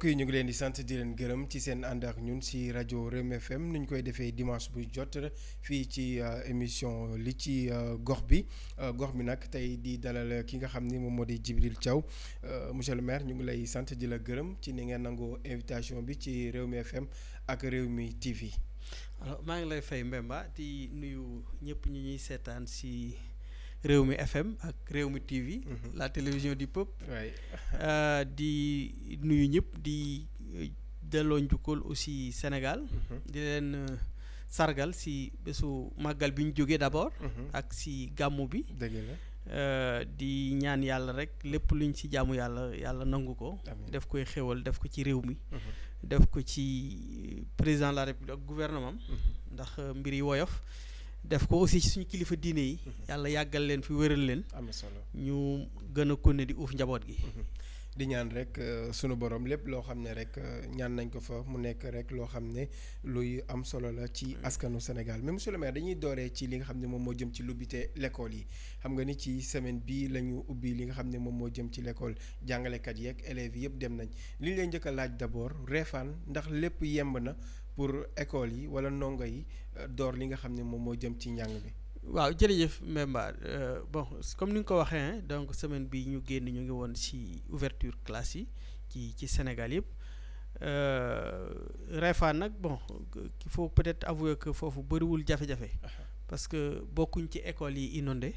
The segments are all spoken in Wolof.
mbokk ñu ngi leen di sant di leen gërëm ci seen ànd ak ñun si rajo Rewmi FM nu ñu koy defee dimanche buy jot fii ci euh, émission li ci euh, gox bi euh, gox bi nag tey di dalal ki nga xam ni moom moo di Djibril Thiaw monsieur le maire ñu ngi lay sant di la gërëm ci ni ngeen nangoo invitation bi ci réew mi FM ak réew mi TV. alors maa ngi lay fay Mbemba di nuyu ñëpp ñu ñuy seetaan si. réew mi FM ak réew Rewmi TV. Mhm. la télévision di peuple. Euh, di nuyu ñëpp di euh, delloo njukkal aussi Sénégal. Mhm. di leen euh, sargal si bésu màggal bi ñu jógee d'abord. Mhm. ak si gàmmu bi. dëgg di ñaan yàlla rek lépp luñ ci jaamu yàlla yàlla nangu ko. def koy xéwal def ko ci réew mi. def ko ci président de la république ak ndax mbir woyof. def ko aussi ci suñu kilifa diine yi. Mhm. yàlla yàggal leen fi wéral leen. am solo ñu gën a kunne di uuf njaboot gi. Mhm. di ñaan rek euh, sunu borom lépp loo xam ne rek euh, ñaan nañ ko fa mu nekk rek loo xam ne luy am solo la ci mhm. askanu Sénégal mais monsieur le dañuy dooree ci li nga xam ne moom moo jëm ci lubbite l'école yi xam nga ni ci semaine bii la ñu ubbi li nga xam ne moom moo jëm ci l'école jàngalekat yeeg élèves yëpp dem nañ li ñu lay njëkk a laaj d'abord Réfane ndax lépp yemb na pour école yi wala ndongo yi euh, door li nga xam ne moom moo jëm ci njàng bi. waaw jërëjëf Mbemba euh, bon comme ni nga ko waxee donc semaine bi ñu génn ñu ngi woon ci ouverture classe yi ci ci Sénégal yëpp euh, Refane nag bon il faut peut-être avouer que foofu bëriwul jafe-jafe. parce que bokkuñ ci école yi inondé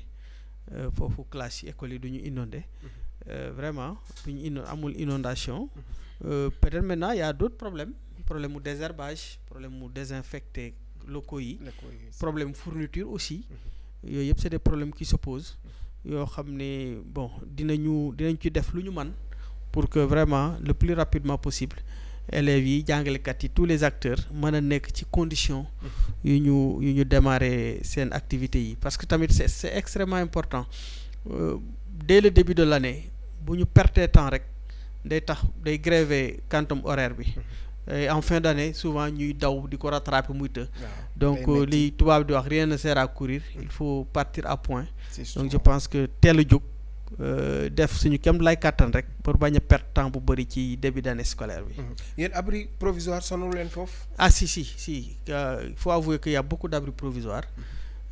foofu classe yi école yi du ñu inondé. Mhm. vraiment du ñu amul inondation mhm. peut-être maintenant y a problème mu déserbage problème mu désinfecté locaux yi problème fourniture aussi mhm. yooyu yëpp c'est des problème qui se yoo xam ne bon dina ñu dinañ ci def lu ñu man pour que vraiment le plus rapidement possible élèves yi jàngalekat yi tous les acteurs mën a nekk ci condition mhm. yu ñu yu ñu démarrer seen activités yi parce que tamit c'est c'est extrêmement important euh, dès le début de l'année bu ñu perte temps rek day tax day gréver quantum horaire bi mhm. en fin d'année souvent ñuy daw di ko rattraper muy të donc li tubaab di wax rien ne sert à courir il faut partir à point donc je pense que teel a jóg euh, def suñu kem lay kàttan rek pour bañ a perte temps bu bëri ci début d'année scolaire bi mhm. yéen abri provisoire sonul leen foofu ah si si si euh, il faut avouer qu'il y a beaucoup mhm.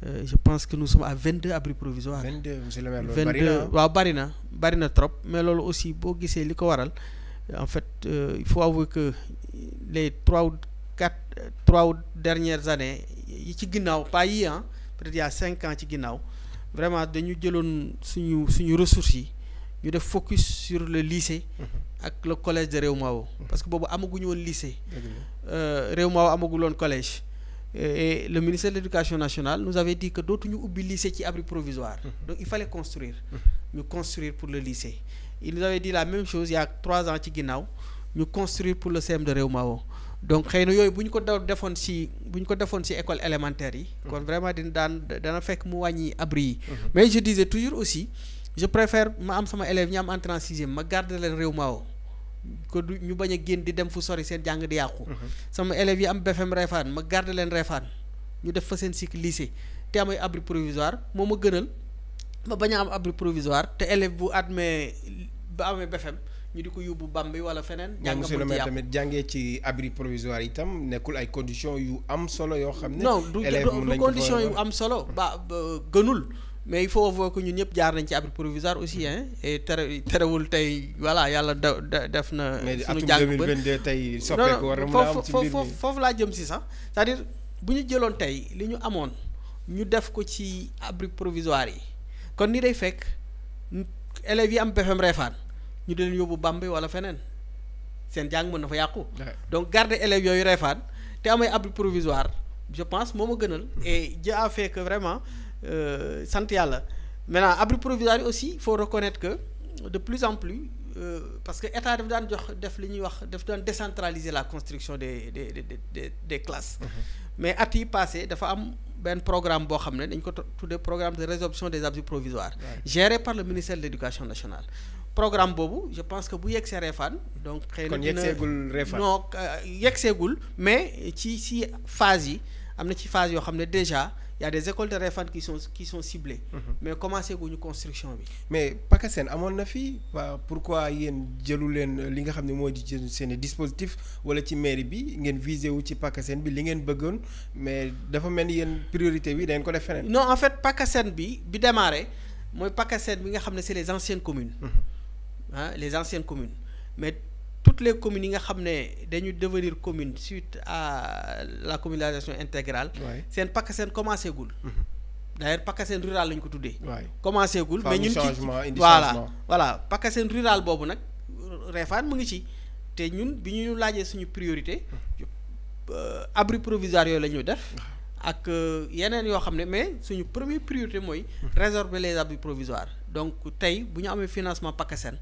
euh, je pense que nous sommes à 22 abris provisoires 22 monsieur le maire waaw bari na bari na trop mais loolu aussi boo gisee li ko waral en fait euh, il faut avouer que les trois ou quatre trois ou dernières années yi ci ginnaaw pas yi ah peut-être a cinq ans ci ginnaaw vraiment dañu jëloon suñu suñu ressource yi ñu def focus sur le lycée mhm. ak le collège de Réewmawo parce que boobu amaguñu woon lycée euh, Réewmawo amagul woon collège et le ministère de l'éducation nationale nous avait dit que dootuñu ubbi lycée ci abri provisoire mhm. donc il fallait construire mhm. ñu construire pour le lycée ils avaient dit la même chose il trois ans ci ginnaaw ñu construire pour le CEM de Réwmawo donc xëy na yooyu bu ñu ko daw defoon si buñu ko defoon si école élémentaire yi. Mmh. kon vraiment dina daan dana fekk mu wàññi abri yi. Mmh. mais je disais toujours aussi je préfère ma am sama élève ñi am entrée en sixième ma garder leen Réwmawo ko du ñu bañ a génn di dem fu sori seen jàng di yàqu. Mmh. sama élève yi am BFM Réfane ma garder leen Réfane ñu def fa seen cycle lycée te abri provisoire moo ma gënal. ba bañ a am abri provisoire te élève bu admet ba amee BFEM ñu di ko yóbbu Bambey wala feneen. jàngat mu ci tamit jàngee ci abri provisoire itam nekkul ay conditions yu am solo yoo xam ne. non du du conditions yu am solo ba gënul. mais il faut voir que ñëpp jaar nañ ci abri provisoire aussi mm-hmm. en et tere terewul tey voilà yàlla da def na. suñu jàng ba mais atum tey soppeeku war na mën a foofu laa jëm si sax cest bu ñu jëloon tey li ñu amoon ñu def ko ci abri provisoire yi. kon ni day fekk élèves yi am BFEM reefaan ñu di leen yóbbu Bambey wala feneen seen jàng mën na fa yàqu. donc garder élèves yooyu reefaan te amay abri provisoire je pense moo ma gënal. e Dieu à fait que vraiment euh, sant yàlla maintenant abri provisoire yi aussi il faut reconnaître que de plus en plus. Euh, parce que état daf daan jox def li ñuy wax daf daan décentraliser la construction des des des des mhm. mais at yi passé dafa am benn programme boo xam ne dañ ko tuddee programme de résorption des abus provisoires. géré par le ministère de l' éducation nationale. programme boobu je pense que bu yegsee Réfane donc xëy na dina kon yegseegul Réfane non euh, yegseegul mais ci ci phase yi. am na ci phase yoo xam ne déjà y a des écoles de Réfane qui sont qui sont ciblées. Mm ñu mais commencé guñu construction bi. mais PACASEN amoon na fi waaw pourquoi yéen jëlu leen li nga xam ne moo di seen dispositif wala ci mairie bi ngeen visé wu ci PACASEN bi li ngeen bëggoon mais dafa mel ni yéen priorité bi dangeen ko def feneen. non en fait PACASEN bi bi démarré mooy PACASEN bi nga xam ne c'est les anciennes communes. ah mm -hmm. les anciennes communes toutes les communes yi nga xam ne dañu devenir commune suite à la communalisation intégrale. seen PACASEN commencé gul. Mm-hmm. d'ailleurs PACASEN rural lañ ko tuddee. commencé gul mais ñun ci voilà voilà PACASEN rural boobu nag Refane mu ngi ci te ñun bi ñu laajee suñu priorité mm-hmm. euh, abri provisoire yooyu la ñu def. ak euh, yeneen yoo xam ne mais suñu première priorité mooy. Mm-hmm. résorber les abris provisoires donc tey bu ñu amee financement PACASEN.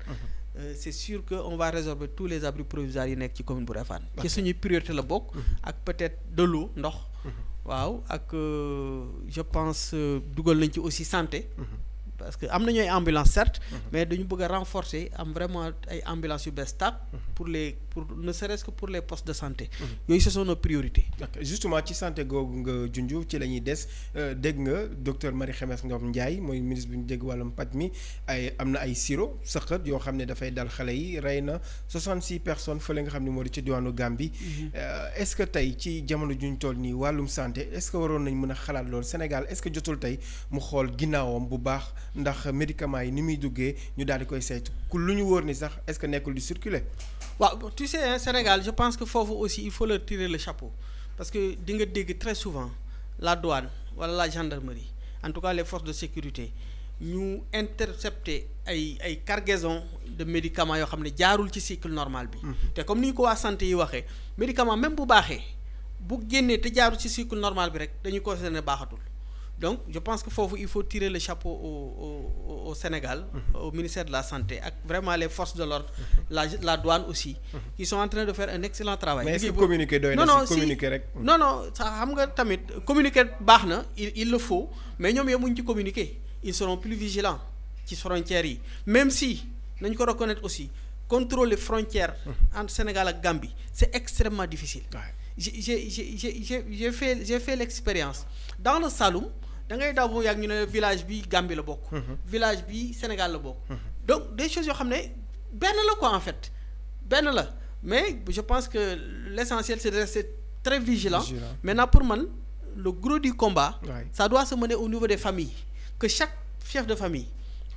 Euh, c'est sûr que on va résorber tous les abris provisoires yi nekk ci commune bu Refane ci suñuy priorité la bokk mhm. ak peut-être de l'eau ndox mhm. waaw ak euh, je pense euh, dugal nañ ci aussi santé mhm. parce que am nañu ay ambulance certes mais dañu bëgg a renforcer am vraiment ay ambulance yu bees tàq pour les pour ne pour les postes de santé. Mhm. yooyu ce sont nos priorités. justement ci santé googu nga junj ci la ñuy des euh, dégg nga docteur Marie Khemesse Ngom Ndiaye mooy ministre bi ñu dégg wàllum paj mi ay am na ay siro sëqët yoo xam ne dafay dal xale yi rey na 66 personnes fële nga xam ne moo di ci diwaanu Gambie. Mhm. Euh, est-ce que tey ci jamono juñ toll nii wàllum santé est-ce que waroon nañ mën a xalaat loolu Sénégal est-ce que jotul tey mu xool ginnaawam bu baax ndax médicaments yi ni muy duggee ñu daal di koy saytu ku lu ñu wóor ni sax ce que nekkul di circuler sais hein, Sénégal je pense que foofu aussi il faut leur tirer le chapeau parce que di nga dégg très souvent la douane wala la gendarmerie en tout cas les forces de sécurité ñu intercepter ay ay cargaison de médicament yoo xam ne jaarul ci cycle normal bi. Mhm. te comme ni ñu ko waa santé yi waxee médicament même bu baaxee bu génnee te jaarul ci cycle normal bi rek dañu considérer ne baaxatul. donc je pense que foofu il faut tirer le chapeau au au au Sénégal. Mhm. au ministère de la santé ak vraiment les force de l'ordre mhm. la la douane aussi. Mhm. ils sont en train de faire un excellent travail. mais est-ce doy na si communiquer rek. non non sax xam nga tamit communiquer baax na il il faut mais ñoom yemuñ ci communiquer ils seront plus vigilants ci frontières yi même si nañ ko reconnaître aussi contrôler frontière. entre Sénégal ak Gambie c'est extrêmement difficile. j'ai j'ai j'ai le Saloum. da ngay daw mu yàgg ñu ne village bi gàmbi la bokk. Mhm. village bi Sénégal la bokk. Mhm. donc des choses yoo xam ne benn la ko en fait benn la mais je pense que l' essentiel c' est de rester très vigilant. vigilant. maintenant pour man le gros du combat. Ouais. ça doit au niveau des famille que chaque chef de famille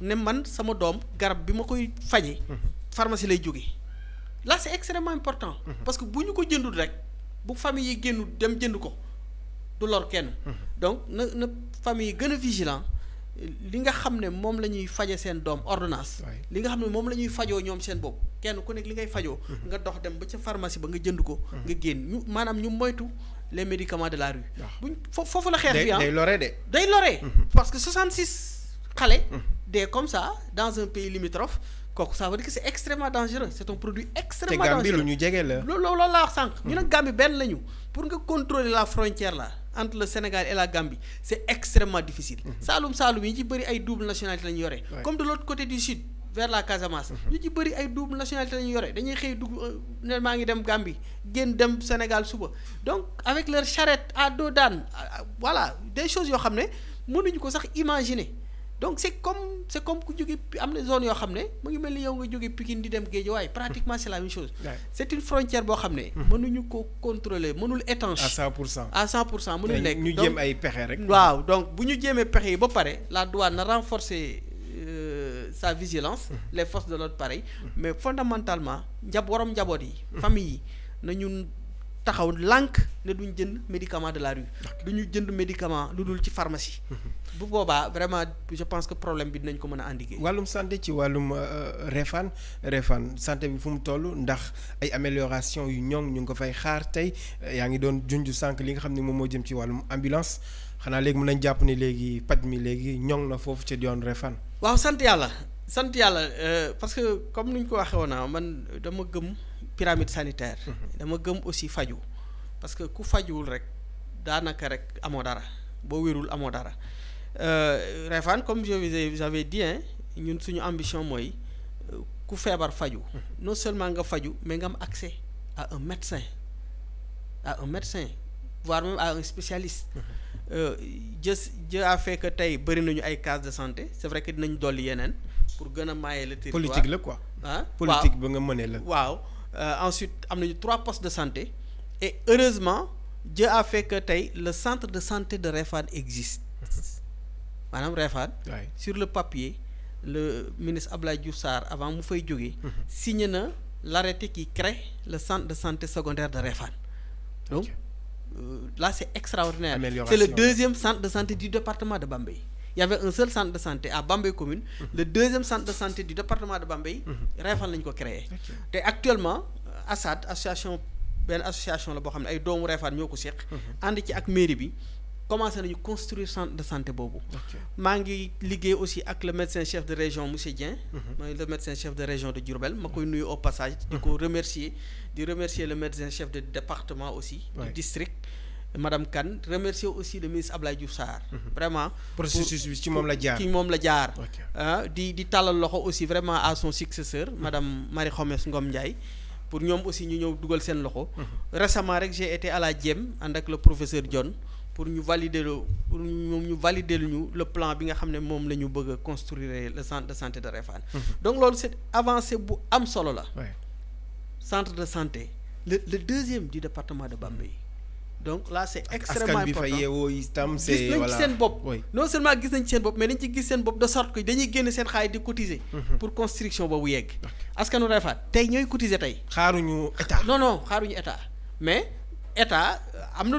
ne man sama doom garab bi ma koy faje mhm. pharmacie lay jóge là c' est extrêmement important. parce que bu ñu ko jëndul rek bu famille yi génn dem jënd ko. du lor kenn donc na na famille gën a vigilant li nga xam ne moom la ñuy faje seen doom ordonnance li nga xam ne moom la ñuy fajoo ñoom seen bopp kenn ku nekk li ngay fajoo mhm. nga dox dem ba ca pharmacie ba nga jënd ko mhm. nga génn ñu maanaam ñu moytu les médicament de la rue buñ foofu la xeex bi ah day lore de day lore mhm. parce que 66 xale des comme ça dans un pays limitrophe kooku ça veut dire que c'est extrêmement dangereux c'est un produit extrêmement dangereux te Gambie lu ñu jege la. loolu loolu laa wax sànq. ñu ne hmm. Gambie benn la ñu pour nga contrôler la frontière là entre le Sénégal et la Gambie c'est extrêmement difficile. Hmm. Saalum Saalum yi ci bëri ay double nationalité la ñu yore. comme de l'autre côté du sud vers la Casamance. Hmm. ñu ci bëri ay double nationalité la ñu yore dañuy xëy dugg euh, ne maa ngi dem Gambie génn dem Sénégal suba donc avec leur charrette à dos d'âne euh, voilà des choses yoo xam ne mënuñu ko sax imaginer. donc c' comme c' est comme ku jóge am na zone yoo xam ne mu mel ni yow nga jóge Pikine di dem Guédiawaye pratiquement c' est la même chose. c' est une frontière boo xam ne. Mhm. mënuñu ko contrôler mënul étanche. à 100 pour cent à 100 pour cent mënul nekk ñu jéem ay pexe rek. waaw donc bu ñu jéemee pexe yi ba pare la douane na renforcer euh, sa vigilance. Mhm. les forces de l'ordre pareil mais fondamentalement njab waroom njaboot yi. Mhm. famille yi na ñun. taxaw lànk ne duñ jënd médicament de la rue duñu jënd médicament lu dul ci pharmacie mhm. bu boobaa vraiment je pense que problème bi dinañ ko mën a endiguer wàllum santé ci wàllum refaan euh, euh, refaan santé bi fu mu toll ndax ay amélioration yu ñoŋ ñu ngi ko fay xaar tey euh, yaa ngi doon junj sànq li nga xam ne moom moo jëm ci wàllum ambulance xanaa léegi mën nañ jàpp ni léegi paj mi léegi ñoŋ na foofu ca yoon refaan waaw sant yàlla sant yàlla parce que comme ni ñu ko waxee woon ah, man dama gëm pyramide sanitaire. Mhm. dama gëm aussi faju parce que ku fajuwul rek daanaka rek amoo dara boo wérul amoo dara euh, Refane comme je j'avais dit ñun suñu ambition mooy euh, ku feebar faju mhm. non seulement nga faju mais nga am accès à un médecin à un médecin voire même à un spécialiste. jë mhm. euh, a fait tey bëri nañu ay cases de santé c'est vrai que dinañ dolli yeneen pour gën a maye la quoi. ah politique nga mënee la waaw. Euh, ensuite am nañu trois postes de santé et heureusement Dieu a fekk que tey le centre de santé de Réfane existe mm-hmm. maanaam Réfane sur le papier le ministre Abdoulaye Diouf Sarr avant mu fay jóge mm-hmm. signé na l'arrêté qui crée le centre de santé secondaire de Réfane donc euh, là c'est extraordinaire c'est le deuxième centre de santé du département de Bambey il y avait un seul centre de santé à Bambey commune mhm. le deuxième centre de santé du département de Bambey mhm. Réfal lañ ko créé te actuellement euh, ASAD association benn association la boo xam ne ay doomu Réfal ñoo ko seq mhm. ànd ci ak mairie bi commencé nañu construire centre de santé boobu maa ngi liggéey aussi ak le médecin chef de région monsieur Dieng mooy le médecin chef de région de Diourbel ma koy nuyu au passage di ko remercier di remercier le médecin de département aussi du madame Kane remercier aussi le ministre Abdoulaye Diouf Sarr. Mhm. vraiment processus bi ci moom la jaar moom la jaar. Ah, di di tàllal loxo aussi vraiment à son successeur mhm. madame Marie Khomesse Ngom Ndiaye. pour ñoom aussi ñu ñëw dugal seen loxo. Mhm. récemment rek j'ai été à la Diem ànd ak le professeur John pour ñu valider le pour ñoom ñu validel ñu le plan bi nga xam ne moom la ñu bëgg a construire le centre de santé de Réfane. donc loolu c'est avancé bu am solo la. centre de santé le le deuxième du département de Bambey. donc là c' est extrêmement important askan bi fa yeewoo itam c' est seen bopp mais nañ ci gis seen bopp de seen xaalis di cotiser. Mhm. pour boobu yegg. askanu Refat ñooy cotiser tey. xaaruñu état non xaaruñu état mais état euh, am na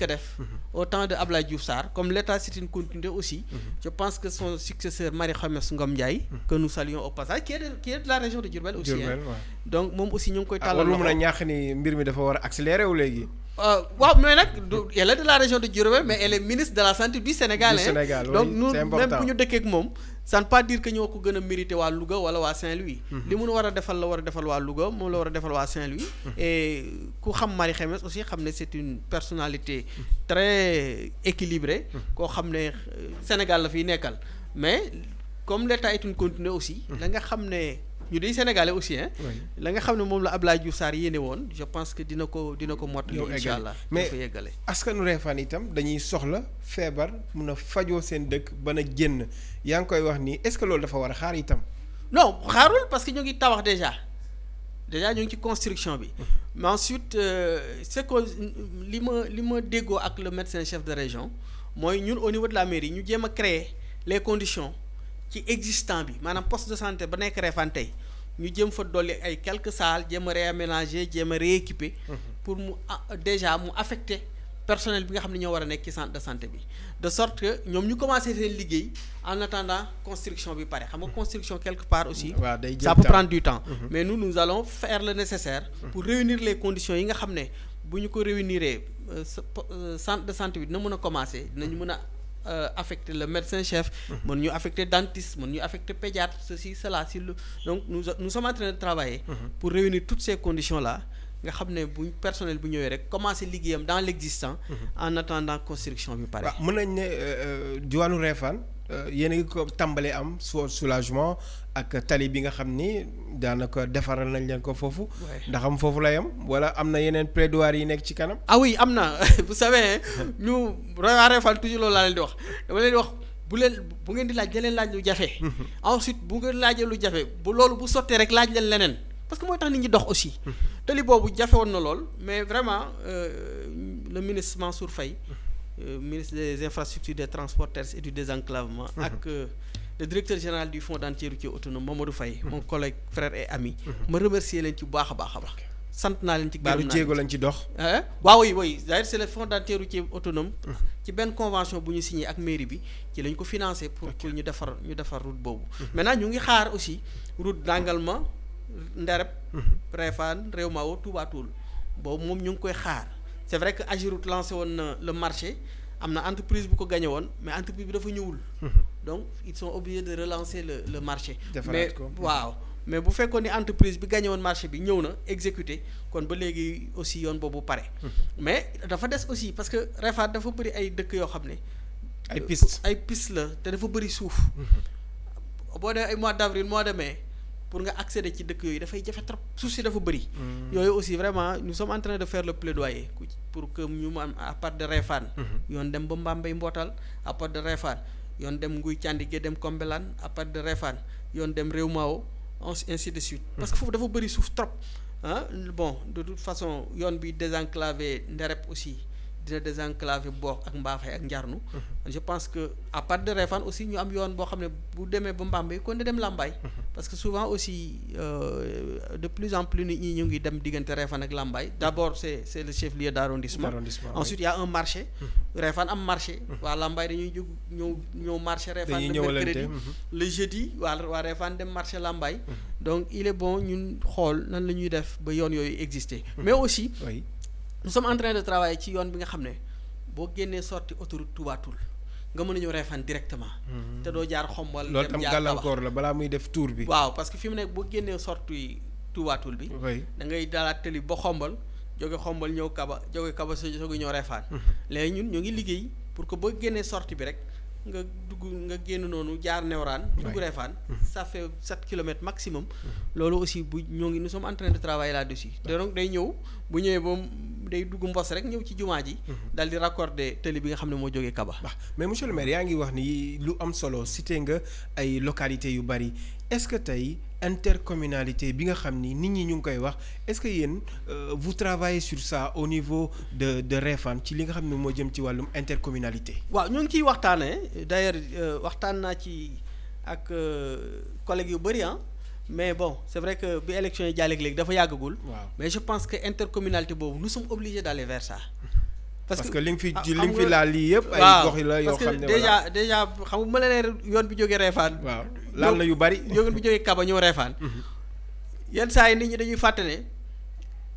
ko def. Mhm. au temps de Abdoulaye Diouf Sarr mhm. que son successeur Marie Khemesse Ngom Ndiaye. que nous saluons au passage qui est de qui moom aussi ñu ngi koy. Ah, tàllal loxo ah a ñàkk ni mbir mi dafa war a accéléré léegi. Euh, waaw mais nag du elle de la région de Diourbel mais elle est ministre de la santé du Sénégal. du donc nous même bu ñu dëkkee ak moom. ça ne pas dire que ñoo ko gën a mérité waa luga wala waa Saint-Louis. Mhm. li mun a war a defal la war a defal waa Louga moom la war a defal waa Saint-Louis. Mhm. et ku xam Marie Khemesse aussi xam ne c'est une personnalité très équilibrée. Mhm. koo xam ne euh, Sénégal la fiy nekkal mais comme l'État est une continuité aussi. da nga xam ne. ñu di sénégale aussi hein. la nga xam ne moom la Abdoulaye Diouf saar yéene woon je pense que dina ko dina ko mottali. incha allah mais askanu Refane itam dañuy soxla feebar mun a fajoo seen dëkk ba na génn yaa ngi koy wax nii est-ce que dafa war a xaar itam. non xaarul parce que ñu ngi tabax déjà déjà ñu ngi ci construction bi. mais ensuite euh, c'est que li ma li ma déggoo ak le médecin chef de région mooy ñun au niveau de la mairie ñu jéem a créer les conditions. ci existant bi maanaam poste de santé ba nekk Réfane tey ñu jëm fa dolli ay quelques salles jéem a réaménager jéem a rééquiper. pour mu ah, déjà mu affecte personnel bi nga xam ne ñoo war a nekk ci centre de santé bi de sorte que ñoom ñu commencé seen liggéey en attendant construction bi pare xam nga construction quelque part aussi. waaw day jël ça peut prendre du temps. Mm-hmm. mais nous nous allons faire le nécessaire. pour réunir les conditions yi nga xam ne bu ñu ko réuniree euh, euh, centre de sant bi dina mën a commencer dinañu mën a. Euh, affecter le médecin chef mm-hmm. mën ñu affecter dentiste mën ñu affecter pédiatre ceci cela si lu donc nous nous sommes en train de travailler mm-hmm. pour réunir toutes ces conditions là nga xam ne bu personnel bu ñëwee rek commencer liggéeyam dans l'existant mm-hmm. en attendant construction bi pare mën nañ ne euh, euh, diwaanu Réfane Euh, yéen a ngi ko tàmbalee am soo soulagement ak tali bi nga xam ni daanaka defaral nañ leen ko foofu. ndax am foofu lay am wala am na yeneen plaidoiries yi nekk ci kanam. ah am na vous savez ñu Réfane toujours loolu laa leen di wax dama leen di wax bu leen bu ngeen di laaj da laaj lu jafe. Mhm. ensuite bu ngeen laajee lu jafe bu loolu bu sottee rek laaj leen leneen parce que mooy tax nit ñi dox aussi. Mhm. tali boobu jafe woon na lool mais vraiment euh, le ministre Mansour Faye. Mhm. Euh, ministre des infrastructures des transports terrestres des du désenclavement. Mmh. ak euh, le directeur général du fonds d'entier ci autonome Mamadou Faye. Mmh. mon collègue frère et ami. Mmh. ma remercier leen ci bu baax a baax a baax. sant naa leen ci gërëm naa jéego lañ ci dox. waaw oui oui d'ailleurs c'est le fonds d'entier routier autonome. ci benn convention bu ñu signé ak mairie bi ci lañ ko financé. pour pour ñu defar ñu defar route boobu. maintenant ñu ngi xaar aussi route d'Angalma Ndereb. Réfane réew ma Toul boobu moom ñu ngi koy xaar. c'est vrai que Agirout lancé woon na le marché am na entreprise bu ko gagné woon mais entreprise bi dafa ñëwul. Mhm. donc ils sont obligés de relancer le le marché. mais waaw mais bu fekkoon ni entreprise bi gagné woon marché bi ñëw na exécuté kon ba léegi aussi yoon boobu pare. Mhm. mais dafa des aussi parce que Refat dafa bëri ay dëkk yoo xam ne. ay piste ay piste la te dafa bëri suuf. Mhm. boo dee ay mois d'avril mois de mai. pour nga accéder ci dëkk yooyu dafay jafe trop suuf si dafa bëri. Mm. yooyu aussi vraiment nous sommes en de faire le plaidoyer pour que ñu mu am à part de Réfane. Mm-hmm. yoon dem ba Mbambey Mbootal à part de Réfane yoon dem Nguy Càndige dem Kombelaan à part de Réfane yoon dem Réew Mao ainsi de suite. Mm-hmm. parce que foofu dafa bëri suuf trop bon de toute façon yoon bi désenclavé Nderep aussi. dina désenclavé boox ak mbaafay ak njarnu mhm. je pense que à part de Réfane aussi ñu am yoon boo xam ne bu demee ba Mbambey kon ne dem Lambaye mhm. parce que souvent aussi euh, de plus en plus nit ñi ñu ngi dem diggante Réfane ak Lambaye d' abord c' est c' est le chef lieu d' arrondissement ensuite y a un marché mhm. Réfane am marché waa Lambaye dañuy jóg ñëw ñëw marché Réfane le mercredi dem marché Lambaye donc il est bon ñun xool nan la ñuy def ba yoon yooyu exister mais aussi nous sommes en de travailler ci yoon bi nga xam ne boo génnee sorti autoroute Touba nga mën a ñëw Réfane directement. Mhm. te doo jaar xombal. dem jaar loolu tam gàllankoor la balaa muy def tour bi. waaw parce que fi mu nekk boo génnee sorti Touba bi. da ngay dalaat tëli ba xombal jóge xombal ñëw Kaba jóge Kaba soog a ñëw Réfane. Mhm. léegi ñun ñoo ngi liggéey pour que boo génnee sorti bi rek. nga dugg nga génn noonu jaar Néorane. dugg Réfane. Mm-hmm. ça fait sept kilomètres maximum. Mm-hmm. loolu aussi bu ñoo ngi nous soo en train de travailler là-dessus. donc day ñëw bu ñëwee ba day dugg mbos rek ñëw ci jumaa ji. Mm-hmm. daal di raccorder tëli bi nga xam ne moo jógee Kaba. mais monsieur yaa ngi wax nii lu am solo cité nga ay localités yu bari est-ce que tey. intercommunalité bi nga xam ni nit ñi ñu ngi koy wax est-ce que yéen euh, vous travaillez sur ça au niveau de de Réfane ci li nga xam ne moo jëm ci wàllum intercommunalité. waaw ñoo ngi ciy waxtaanee d'ailleurs euh, waxtaan naa ci ak euh, collègues yu bari ah mais bon c'est vrai que bi élection yi jàlleeg léegi dafa yàggagul. waaw mais je pense que intercommunalité boobu nous sommes obligés d'aller vers ça. parce que li nga fi ah, li nga fi laal lii yëpp. ay gox yi la yoon bi jógee Réfane. waaw laal na yu bari. yoon bi jógee Kaba ñëw Réfane. Mhm. yenn saa yi nit ñi dañuy fàtte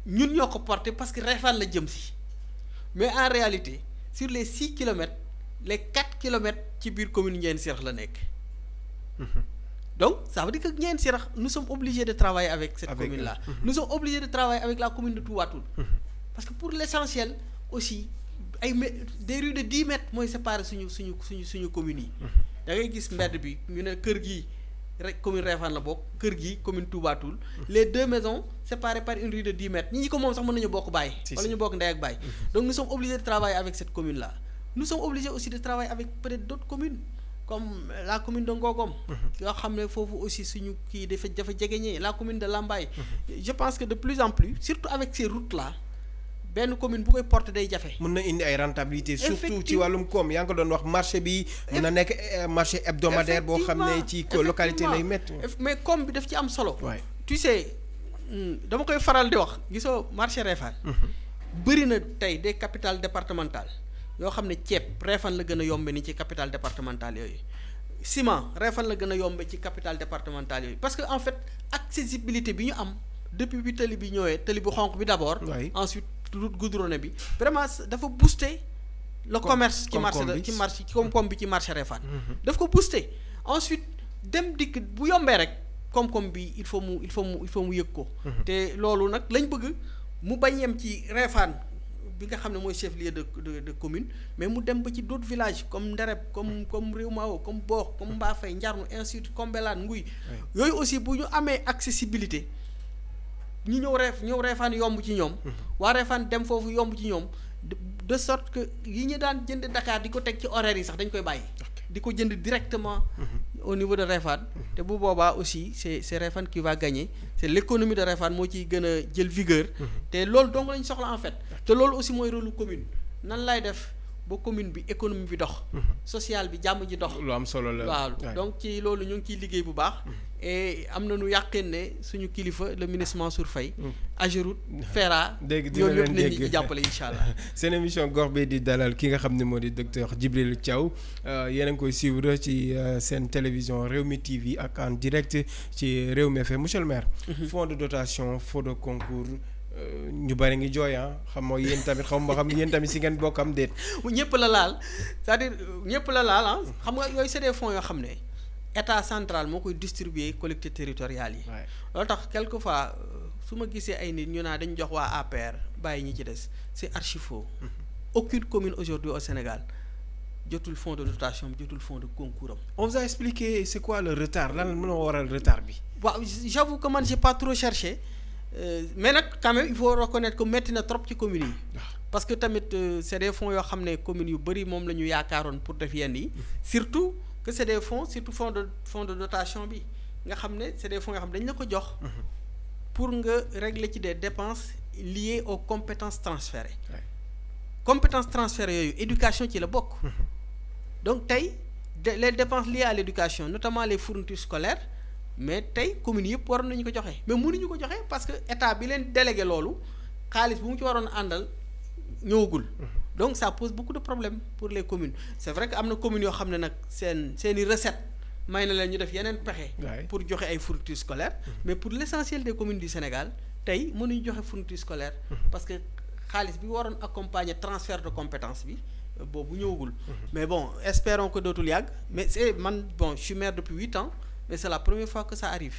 ñun ñoo ko porté parce que Réfane la jëm si mais en réalité sur les six kilomètres les quatre kilomètres ci biir commune Ndiéyène Sirakh la nekk. Mhm. donc ça veut dire que Ndiéyène Sirakh nous sommes obligés de travailler avec cette commune là. Mhm. nous sommes de travailler avec commune de Touba Toul. parce que pour l' essentiel. aussi ay mé des rues de dix mètres mooy séparer suñu suñu suñu suñu yi. Mhm. da gis mbedd bi ñu ne kër gii rek commune Réfane la bokk kër gi commune Touba Toul mhm. les deux maisons séparées par une rue de dix mètres ñi ko moom sax mën nañu bokk bàyyi. wala ñu bokk ndey ak bàyyi. Mhm. donc nous sommes obligés de travailler avec cette commune la commune de Ngogom. yoo xam ne foofu aussi suñu kii dafa dafa jegeñee la commune de Lambaye. je pense que de plus en plus surtout benn commune bu koy porter day jafe. mën na indi ay rentabilité surtout ci wàllum koom yaa ngi ko doon wax marché bi. mën na nekk eh, marché hebdomadaire boo xam ne ci localité lay métti. mais bi daf ci am solo. waay tu hmm, dama koy faral di wax gisoo marché Réfane. Mhm. bëri na tey des capitales départementales yoo xam ne ceeb Réfane la gën a yombe ni ci capitale départementale yooyu. ciment Réfane la gën a yombe ci capitale départementale yooyu parce que en fait accessibilité bi ñu am depuis bi tali bi ñëwee tali bu xonq bi d'abord. ensuite. route goudronnée bi vraiment dafa booster la commerce ci marché ci marché koom-koom bi ci marché Réfane mhm. daf ko booster ensuite dem dikk bu yombee rek koom-koom bi il faut mu il faut mu il faut mu yëg ko mhm. te loolu nag lañ bëgg mu bañ yem ci Réfane bi nga xam ne mooy chef lieu de de commune mais mu dem ba ci d'autres village comme Ndereb comme comme Réwmao comme Boox comme Mbaafay Njarnu ainsi Kombelaan Nguy yooyu aussi bu ñu amee accessibilité ñu ñëw reef ñëw reefaan yomb ci ñoom. Mhm. waa reefaan dem foofu yomb ci ñoom de sorte que yi ñu daan jënd Dakar di ko teg ci horaire yi sax dañ koy bàyyi. di ko jënd directement. Mhm. au niveau de Réfane. Mhm. te bu boobaa aussi c' est c' est Réfane qui va gagner c' est de Réfane moo ciy gën a jël vigueur. te loolu dong lañ soxla en fait. te loolu aussi mooy rôle commune nan lay def. ba commune bi économie bi dox. Mhm. social bi jàmm ji dox. lu am solo la waaw donc ci loolu ñoo ngi ciy liggéey bu baax. Mhm. et am na nu yàqeen ne suñu kilifa le ministre Mansour Faye. Mhm. Ageroute Fera. dégg dina leen dégg ñëpp jàppale incha allah. seen émission gox bi di dalal ki nga xam ne moo di docteur Djibril Thiaw euh, yéen a ngi koy suivre ci euh, seen télévision Rewmi TV ak en direct ci réew FM monsieur le maire. fonds de dotation fonds de concours. ñu bari ngi jooy ah xam nga yéen tamit xam ma xam yéen tamit si ngeen bokkam déet. ñëpp la laal c'est-à-dire ñëpp la laal ah xam nga yooyu c'est des fonds yoo xam ne état central moo koy distribuer collectivités territoriales yi. loolu tax quelque fois euh, su ma gisee ay nit ñu naa dañ jox waa APR bàyyi ñi ci des si archi faux. Mm-hmm. commune aujourd'hui au Sénégal jotul fonds de dotation jotul fonds de concours am. on vous a expliqué c'est quoi le retard lan moo waral retard bi. waaw j'avoue que Euh, mais nag quand même il faut reconnaître que métti na trop ci commune yi. Ah. parce que tamit euh, c'est des fonds yoo xam ne communes yu bëri moom la ñu yaakaaroon pour def yenn yi. Mm-hmm. surtout que c'est des fonds surtout fonds de fonds de dotation bi nga xam ne c'est des fonds nga xam ne dañ la ko jox. Mm-hmm. pour nga régler ci des dépenses liées aux compétences transférées. Ouais. compétences transférées yooyu éducation ci la bokk. Mm-hmm. donc tey les dépenses liées à l'éducation notamment les fournitures scolaires. mais tey communes yëpp waroon nañu ko joxe mais ñu ko joxe parce que état bi leen délégué loolu xaalis bu mu ci waroon àndal ñëwagul. Mhm. donc ça pose beaucoup de problèmes pour les communes c'est vrai am na commune yoo xam ne nag seen seen i recettes may na leen ñu def yeneen pexe. pour joxe ay fournitures scolaires. Mhm. mais pour l'essentiel des communes du Sénégal tey mënuñu joxe fourniture scolaire. Mhm. parce que xaalis bi waroon accompagner transfert de compétence bi. boobu ñëwagul. mais bon espérons dootul yàgg mais c'est man bon je suis maire depuis mais c'est la première fois que ça arrive.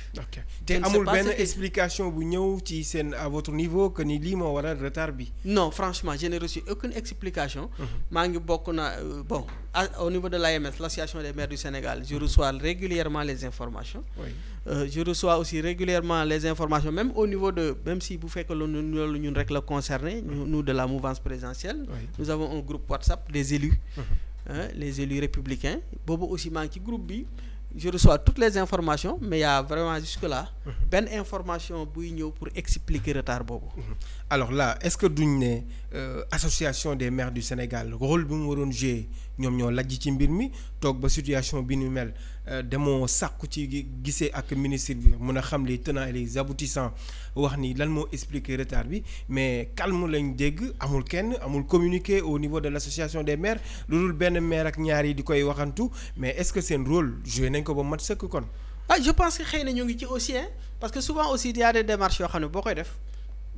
te amul benn explication bu ñëw ci seen à votre niveau que ni lii moo waral retard bi. non franchement je n'ai aucune explication. Mhm. maa ngi bokk na euh, bon au niveau de l'AMS l'association des maires du Sénégal je reçois régulièrement les informations. oui euh, je reçois aussi régulièrement les informations même au niveau de même si bu fekkee loolu loolu ñun rek la concerné. Mhm. nous de la mouvance présidentielle. Oui. nous avons un mhm. les élus républicains boobu aussi maa ngi ci groupe bi. je reçois toutes les informations mais y vraiment jusque là mhm. benn information buy ñëw pour expliquer retard boobu mhm. alors là est-ce que du ñu ne euh, association des maires du Sénégal rôle bi mu waroon jouer ñoom ñoo lajj ci mbir mi toog ba situation bi ñu mel Euh, demoo sàkku ci gisee ak ministre bi mun a xam les tenants et les aboutissants wax nii lan moo expliquer retard bi mais calme lañ dégg amul kenn amul communiqué au niveau de l' association des maires lu dul benn maire ak ñaar yi di koy waxantu mais est ce que seen rôle joué nañ ko ba mat sëkk kon. ah je pense que xëy na ñu ngi ci aussi hein parce que souvent aussi il y a yoo xam ne boo koy def.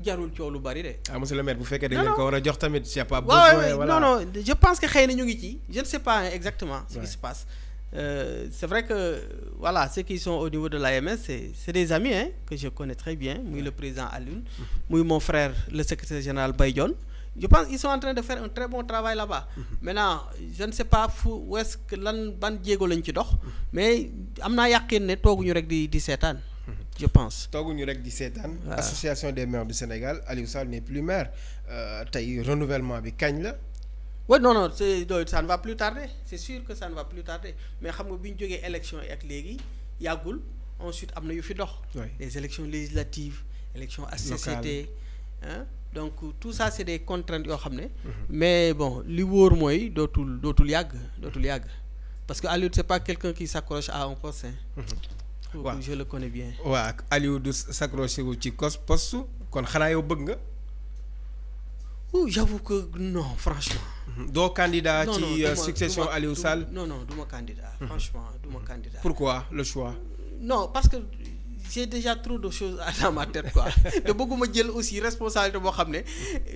jarul coow lu bari de. ah monsieur le maire bu fekkee dañ ko war a jox tamit. c'est que xëy na ñu ngi ci je ne Euh, c'est vrai que voilà ceux qui sont au niveau de l'AMS c'est c'est des amis que je connais très bien muy le président Alioune mm-hmm. muy mon frère le secrétaire général Baye Dione je pense ils sont en train de faire un très bon travail là-bas mm-hmm. maintenant je ne sais pas fu où que lan ban jéego lañ ci dox mm-hmm. mais am naa yàqin ne tooguñu rek di di seetaan je pense tooguñu rek di seetaan association des maires du Sénégal Aliou Sall n'est plus maire euh, tey renouvellement bi kañ la oui non non c'est ça ne va plus tarder c'est sûr que ça ne va plus tarder mais xam nga bi ñu jógee élection yi léegi yàggul ensuite am na yu fi dox. les élections législatives. élections HCCT ah donc tout ça c'est des contraintes yoo xam ne. Mm-hmm. mais bon li wóor mooy dootul dootul yàgg dootul yàgg parce que Aliou c'est pas quelqu'un qui s'accroche à un poste. waaw mm-hmm. je le connais bien. waa Aliou du s'accroché wu ci cos poste kon xanaa yow bëgg nga. oui j'avoue que non franchement. Mhm. doo candidat ci euh, succession Aliou Sall. non non du ma candidat. Mhm. franchement du ma candidat. quoi le choix. non parce que j'ai déjà trop de choses dans ma tête quoi te bëgguma jël aussi responsabilité boo xam ne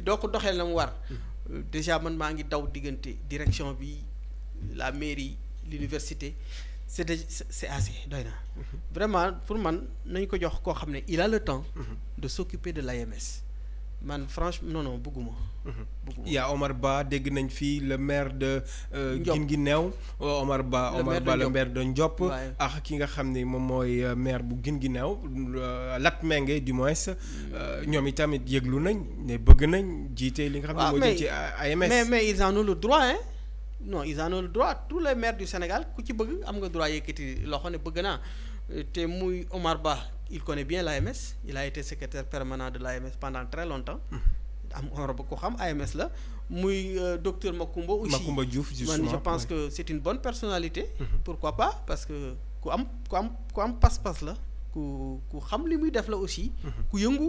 doo ko doxee la mu war mhm. déjà man maa ngi daw diggante direction bi la mairie l'université c'est de c'est assez doy na. vraiment pour man nañ ko jox koo xam ne il a le temps. de s'occuper de l'AMS. man franchement non bëgguma mhm. bëgguma yaa Omar Ba dégg nañ fii le maire de euh, Guinguinéo Omar oh, Ba Omar Ba le maire de Ndiop ak ki nga xam ne moom mooy euh, maire bu gi neew Guinguinéo euh, Latmingué du moins mm. ñoom itamit yëglu nañ ne bëgg nañ jiite li nga xam ne moo jëm ci AMS mais mais ils en ont le droit hein non le droit tous les maires du Sénégal ku ci bëgg am nga droit yëkkati loxo ne bëgg naa te muy Omar Ba il connaît bien l'AMS il a été secrétaire permanent de l'AMS pendant très longtemps hmm. am honor ba ko xam AMS la muy euh, docteur Macoumba aussi Macoumba Diouf man je pense ouais. que c'est une bonne personnalité mm -hmm. pourquoi pas parce que ku am ku am ku am pas-pas la ku ku xam li muy def la aussi hmm. ku yëngu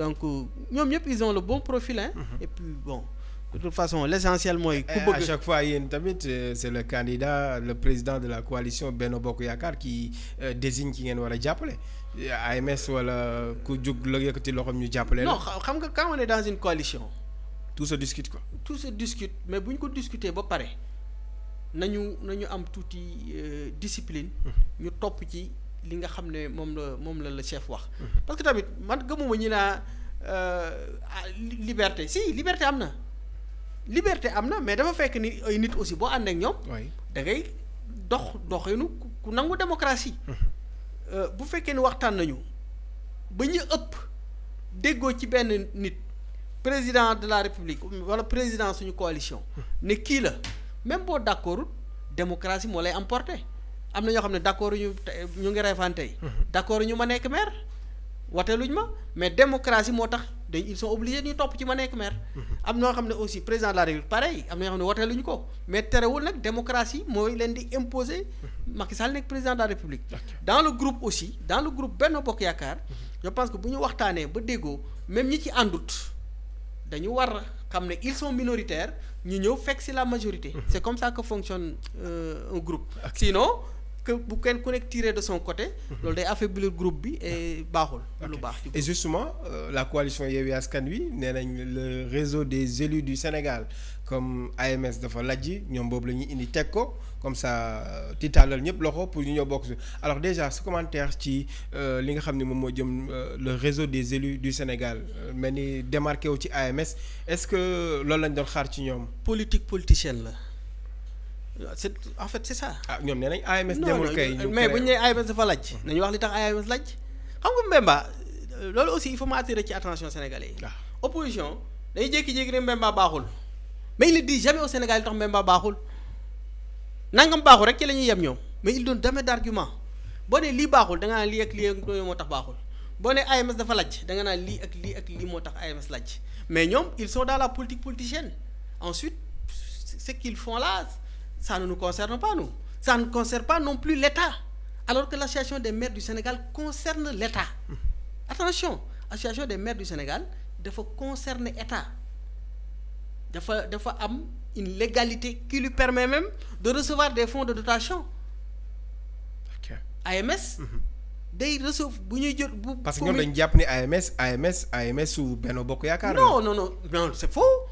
donc euh, ñoom ñëpp ils ont le bon profil hein mm et puis bon de toute façon l'essentiel mooy. ku eh, bëgg à chaque fois yéen tamit euh, c'est le candidat le président de la coalition Benno Bokk Yaakaar qui désigne ki ngeen war a jàppale. AMS wala ku jug la yëkkati loxoom ñu jàppale. non xam nga quand on dans une coalition. tout se discute quoi. tout se discute mais bu ñu ko discuter ba pare nañu nañu am tuuti euh, discipline. ñu topp ci li nga xam ne moom la moom la la chef wax. parce que tamit man gëmuma ñi naa euh, ah, liberté si liberté am na. liberté am na mais dafa fekk ni ay nit aussi boo ànd ak ñoom. da ngay dox doxinu ku nangu démocratie. Euh, bu fekkee ni waxtaan nañu ba ñu ëpp déggoo ci benn nit président de la république wala président suñu coalition ne kii la même boo d'accordul démocratie moo lay emporter am na ñoo xam ne d'accord ñu ñu ngi refaan tey mm-hmm. d'accord ñu ma nekk maire wateeluñ ma mais démocratie moo tax dañ ils sont obligés ñu topp ci ma nekk maire am noo xam ne aussi président de la République pareil am na ñoo xam ne woteeluñu ko mais terewul nag démocratie mooy leen di imposé Macky Sall nekk président de la République. dans le groupe aussi dans le groupe Benno Bokk Yaakaar. Mhm. je pense que bu ñu waxtaanee ba déggoo même ñi ci àndut dañu war xam ne ils sont minoritaires ñu ñëw fekk si la majorité. Mhm. c'est comme ça que fonctionne euh, un groupe. sinon. que bu kenn ku nekk de son côté. Mhm. loolu day affaiblir groupe bi et baaxul. lu baax et justement euh, la coalition Yewwi Askan Wi nee nañ le réseau des élus du Sénégal comme AMS dafa lajji ñoom boobu la ñuy indi teg ko comme ça euh, titaalal ñëpp loxo pour ñu ñoo bokk si alors déjà ce commentaire ci euh, li nga xam ni moom moo jëm euh, le réseau des élus du Sénégal mel ni démarqué wu ci AMS est-ce que loolu lañ doon xaar ci ñoom. politique politicienne la. Euh, c'est en fait c'est ça. ah ñoom nee nañ AMS. demul kay mais bu ñu nee AMS dafa laaj. nañu wax li tax AMS laaj. xam nga Mbemba euh, loolu aussi il faut ma ci attention sénégalais yi. Ah. opposition day jékki-jékki ne Mbemba baaxul mais il ne dit jamais au Sénégal li tax Mbemba baaxul nangam baaxul rek ci la ñuy yem ñoom mais il donne jamais d'argument boo nee lii baaxul da nga naan lii ak lii ak moo tax baaxul boo nee AMS dafa laaj da nga naan lii ak lii ak lii moo tax AMS laaj mais ñoom ils sont dans la politique politicienne ensuite ce qu'ils font là. ça ne nous concerne pas nous ça ne concerne pas non plus l'État alors que l'association des maires du Sénégal concerne l'État attention association des maires du Sénégal dafa concerner État dafa dafa am une légalité qui lui permet même de recevoir de fonds de dotation okay. AMS mhm. day recevoir bu ñuy jot bu parce que ñoom dañu jàpp ni AMS AMS AMS su Benno Bokk Yaakaar non non non non c'est faux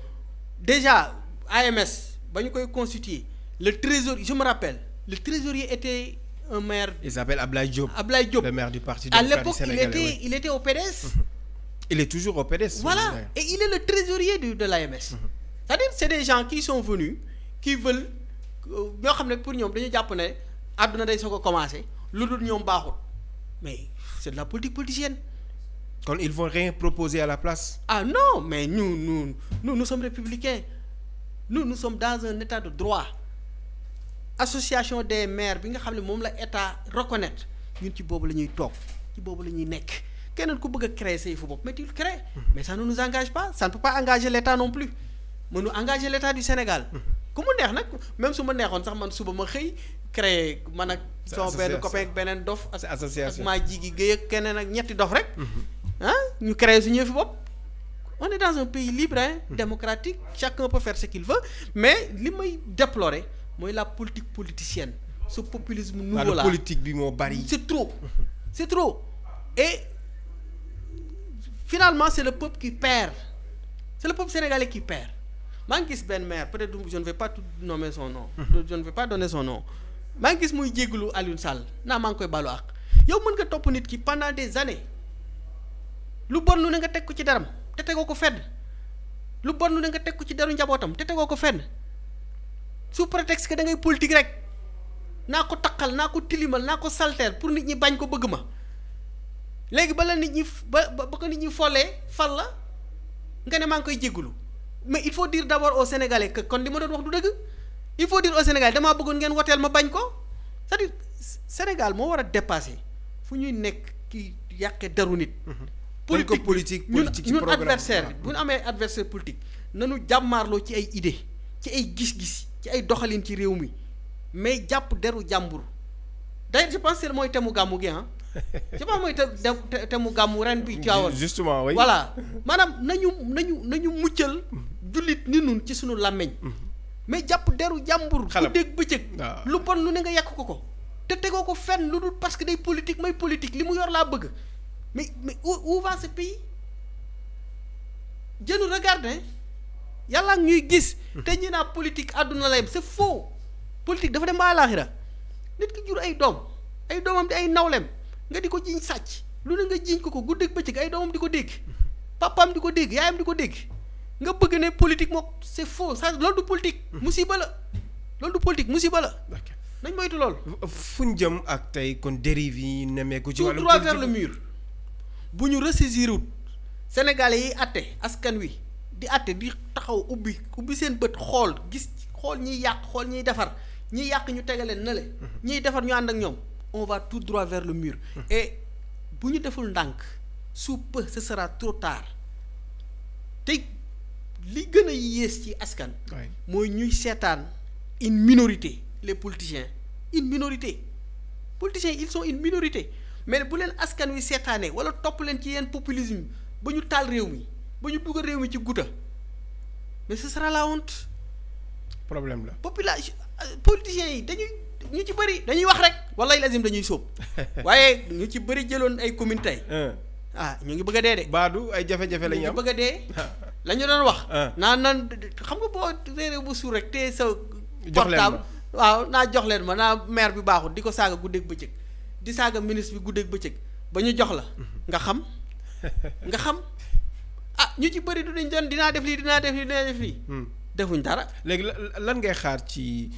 déjà AMS ba ñu koy constituer le trésorier je me rappelle le trésorier était un maire. il s'appelle Ablaye Diop Ablaye Diop le maire à l'époque il était oui. il était au PDS. il est toujours au PDS. voilà et il est le trésorier de de l'AMS. c'est-à-dire c'est des gens qui sont venus qui veulent euh, ñoo xam ne pour ñoom dañu jàpp ne àdduna day soo ko commencé lu dul ñoom baaxul mais c'est de la politique politicienne. kon ils vont rien proposer à la place. ah non mais ñu nous nous nous sommes républicains nous nous sommes dans de droit. association des maires bi nga xam ne moom la état reconnaître ñun ci boobu la ñuy toog ci boobu la ñuy nekk keneen ku bëgg a créer say fu bopp mais tu le crées mm-hmm. mais ça ne nous engage pas ça ne peut pas engager l'état non plus mënu engager l'état du Sénégal mm-hmm. ku mu neex nag même su ma neexoon sax man suba ma xëy créer man ak sama benn copain ak beneen dof ak association ak maa jigi géy ak keneen ak ñetti dof rek ah ñu créer suñu fi bopp on est dans un pays libre hein démocratique chacun peut faire ce qu'il veut mais li may déplorer mooy la politique politicienne ce populisme nouveau là politique bi moo bari. c'est trop c'est trop finalement c'est le peuple qui perd c'est le peuple sénégalais qui perd maa ngi gis benn maire peut-être je ne vais pas tout nommer son nom. je ne vais maa ngi gis muy jéggalu Alioune Sall naa maa ngi koy balu ak yow mën nga topp nit ki pendant des années lu bon lu ne nga teg ko ci daram te tegoo ko fenn lu bon lu ne nga teg ko ci deru njabootam te tegoo ko fenn. sous prétexte que da ngay politique rek naa ko taqal naa ko tilimal naa ko salteer pour nit ñi bañ ko bëgg ma léegi bala nit ñi ba ba ko nit ñi folee fal la nga ne maa ngi koy jégalu mais il faut dire d'abord au Sénégalais que kon li ma doon wax du dëgg il faut dire aux Sénégalais damaa bëggoon ngeen woteel ma bañ ko cest à Sénégal moo war a dépasser fu ñuy nekk ki yàqe daru nit. Mhm. politique politique politique ci programme ñun adversaire bu ñu amee adversaire politique nanu jàmmaarloo ci ay idées ci ay gis-gis. ay doxalin ci réew mi mais jàpp deru jàmbur d'ailleurs je mooy temu gàmmu gi ah je pense mooy temu gàmmu ren bi Tiwaawan justement oui voilà maanaam nañu nañu nañu muccal jullit ni nun ci sunu làmmeñ mm-hmm. mais jàpp deru jàmbur bu dégg bëccëg ah. lu bon lu ne nga yàq ko ko te tegoo ko fenn lu dul parce que day politique may politique li mu yor laa bëgg mais mais où va ce pays je nous regarde yàlla ak ñuy gis. te ñi naa politique àdduna lay c'est faux politique dafa dem ba àllaaxira nit ki jur ay doom ay doomam di ay nawleem nga di ko jiñ sàcc lu ne nga jiñ ko ko guddeeg bëccëg ay doomam di ko dégg papaam di ko dégg yaayam di ko dégg nga bëgg ne politique moom c'est faux ça loolu du politique. Hmm. musiba la loolu du politique musiba la. nañ moytu loolu. fu jëm ak tey kon dérive yi ko ci wàllu droit vers bu ñu ressaisir wut sénégalais yi àtte askan wi di àtte di. taxaw ubbi ubbi seen bët xool gis xool ñiy yàq xool ñiy defar ñiy yàq ñu tegaleen na le mhm. ñiy defar ñu ànd ak ñoom on va tout droit vers le mur mhm. et bu ñu deful ndànk sous peu sera trop tard te li gën a yées ci askan mooy ñuy seetaan une minorité les politiciens une minorité politiciens ils sont une minorité mais bu leen askan wi seetaanee wala topp leen ci yenn populisme ba ñu taal réew mi ba ñu a réew mi ci guta mais ce sera la problème la population euh, politiciens yi dañuy ñu ci bëri dañuy wax rek wallahi lazim dañuy soob waaye ñu ci bëri jëloon ay commune tey. ah ñu ngi bëgg a dee de. baadu ay jafe-jafe la ñu am bëgg a dee. la ñu wax. naan nan xam nga boo réeré bu suur rek te sa. portable waaw naa jox leen ma naa maire bi baaxul di ko saaga guddeeg bëccëg di saaga ministre bi guddeeg bëccëg ba ñu jox la mm-hmm. nga xam nga xam. ah ñu ci bëri du dañ doon dinaa def lii dinaa def lii dinaa defuñ dara. léegi lan ngay xaar ci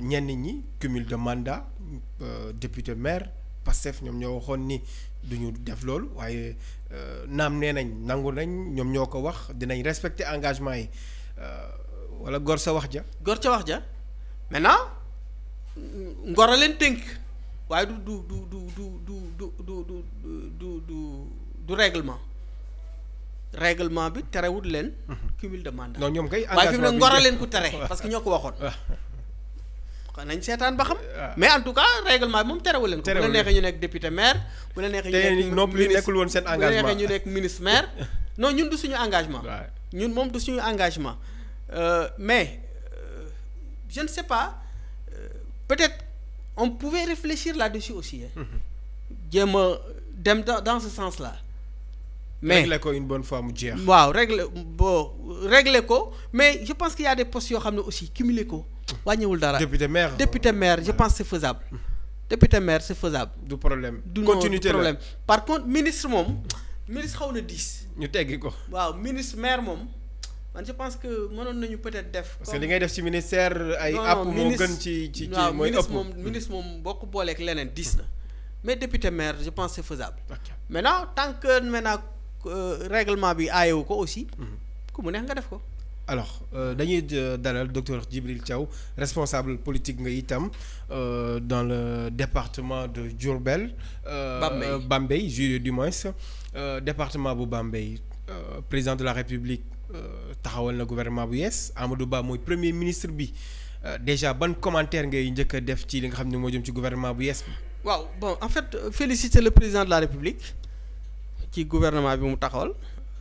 ñenn ñi cumul de mandat député maire Pastef ñoom ñoo waxoon ni du ñu def loolu waaye naam nee nañ nangu nañ ñoom ñoo ko wax dinañ respecté engagement yi wala gor sa wax ja. gor sa wax ja maintenant ngor a leen tënk waaye du du du du du du du du du du du règlement. règlement bi terewul leen. Mhm. cumul de mandat. ñoom kay engagement bi waaye fi mu ne ngoro leen ku tere parce que ñoo ko waxoon. Ah. nañ seetaan ba xam. Ah. mais en tout cas règlement bi moom terewul leen. terewul leen bu la neexee ñu nekk député maire. bu la neexee ñu nekk ministre nopp li nekkul woon seen engagement la maire. non ñun du suñu engagement. moom du suñu engagement. Euh, mais euh, jeune ne sais pas euh, peut-être on pouvait réfléchir la dessus aussi. Mm-hmm. jéem a dem dans ce sens-là. mais régler ko une bonne fois mu jeex. waaw régler bon régler ko mais je pense qu'il y a des yoo xam ne aussi cumuler ko wàññiwul dara. député maire député maire je pense c'est faisable. député maire c'est faisable. du problème du continuité la problème par contre ministre moom. ministre xaw na diis. ñu teggi ko. waaw ministre maire moom. man je pense que mënoon nañu peut-être def. parce que li ngay def ci ministère. ay app moo gën ci ci moom ministre moom boo ko booleeg leneen diis mais député maire je pense c'est faisable. maintenant tant que Euh, règlement bi aayewu ko aussi. ku mu neex nga def ko. alors euh, dañuy euh, dalal docteur Djibril Thiaw responsable politique nga itam dans le département de Diourbel. Bambey Bambey ju du moins département bu Bambey président de la République taxawal na gouvernement bu yees Amadou Ba mooy premier ministre bi déjà ban commentaire ngay njëkk def ci li nga xam ne moo jëm ci gouvernement bu yees bi. waaw bon en fait féliciter le président de la République. ci gouvernement bi mu taxawal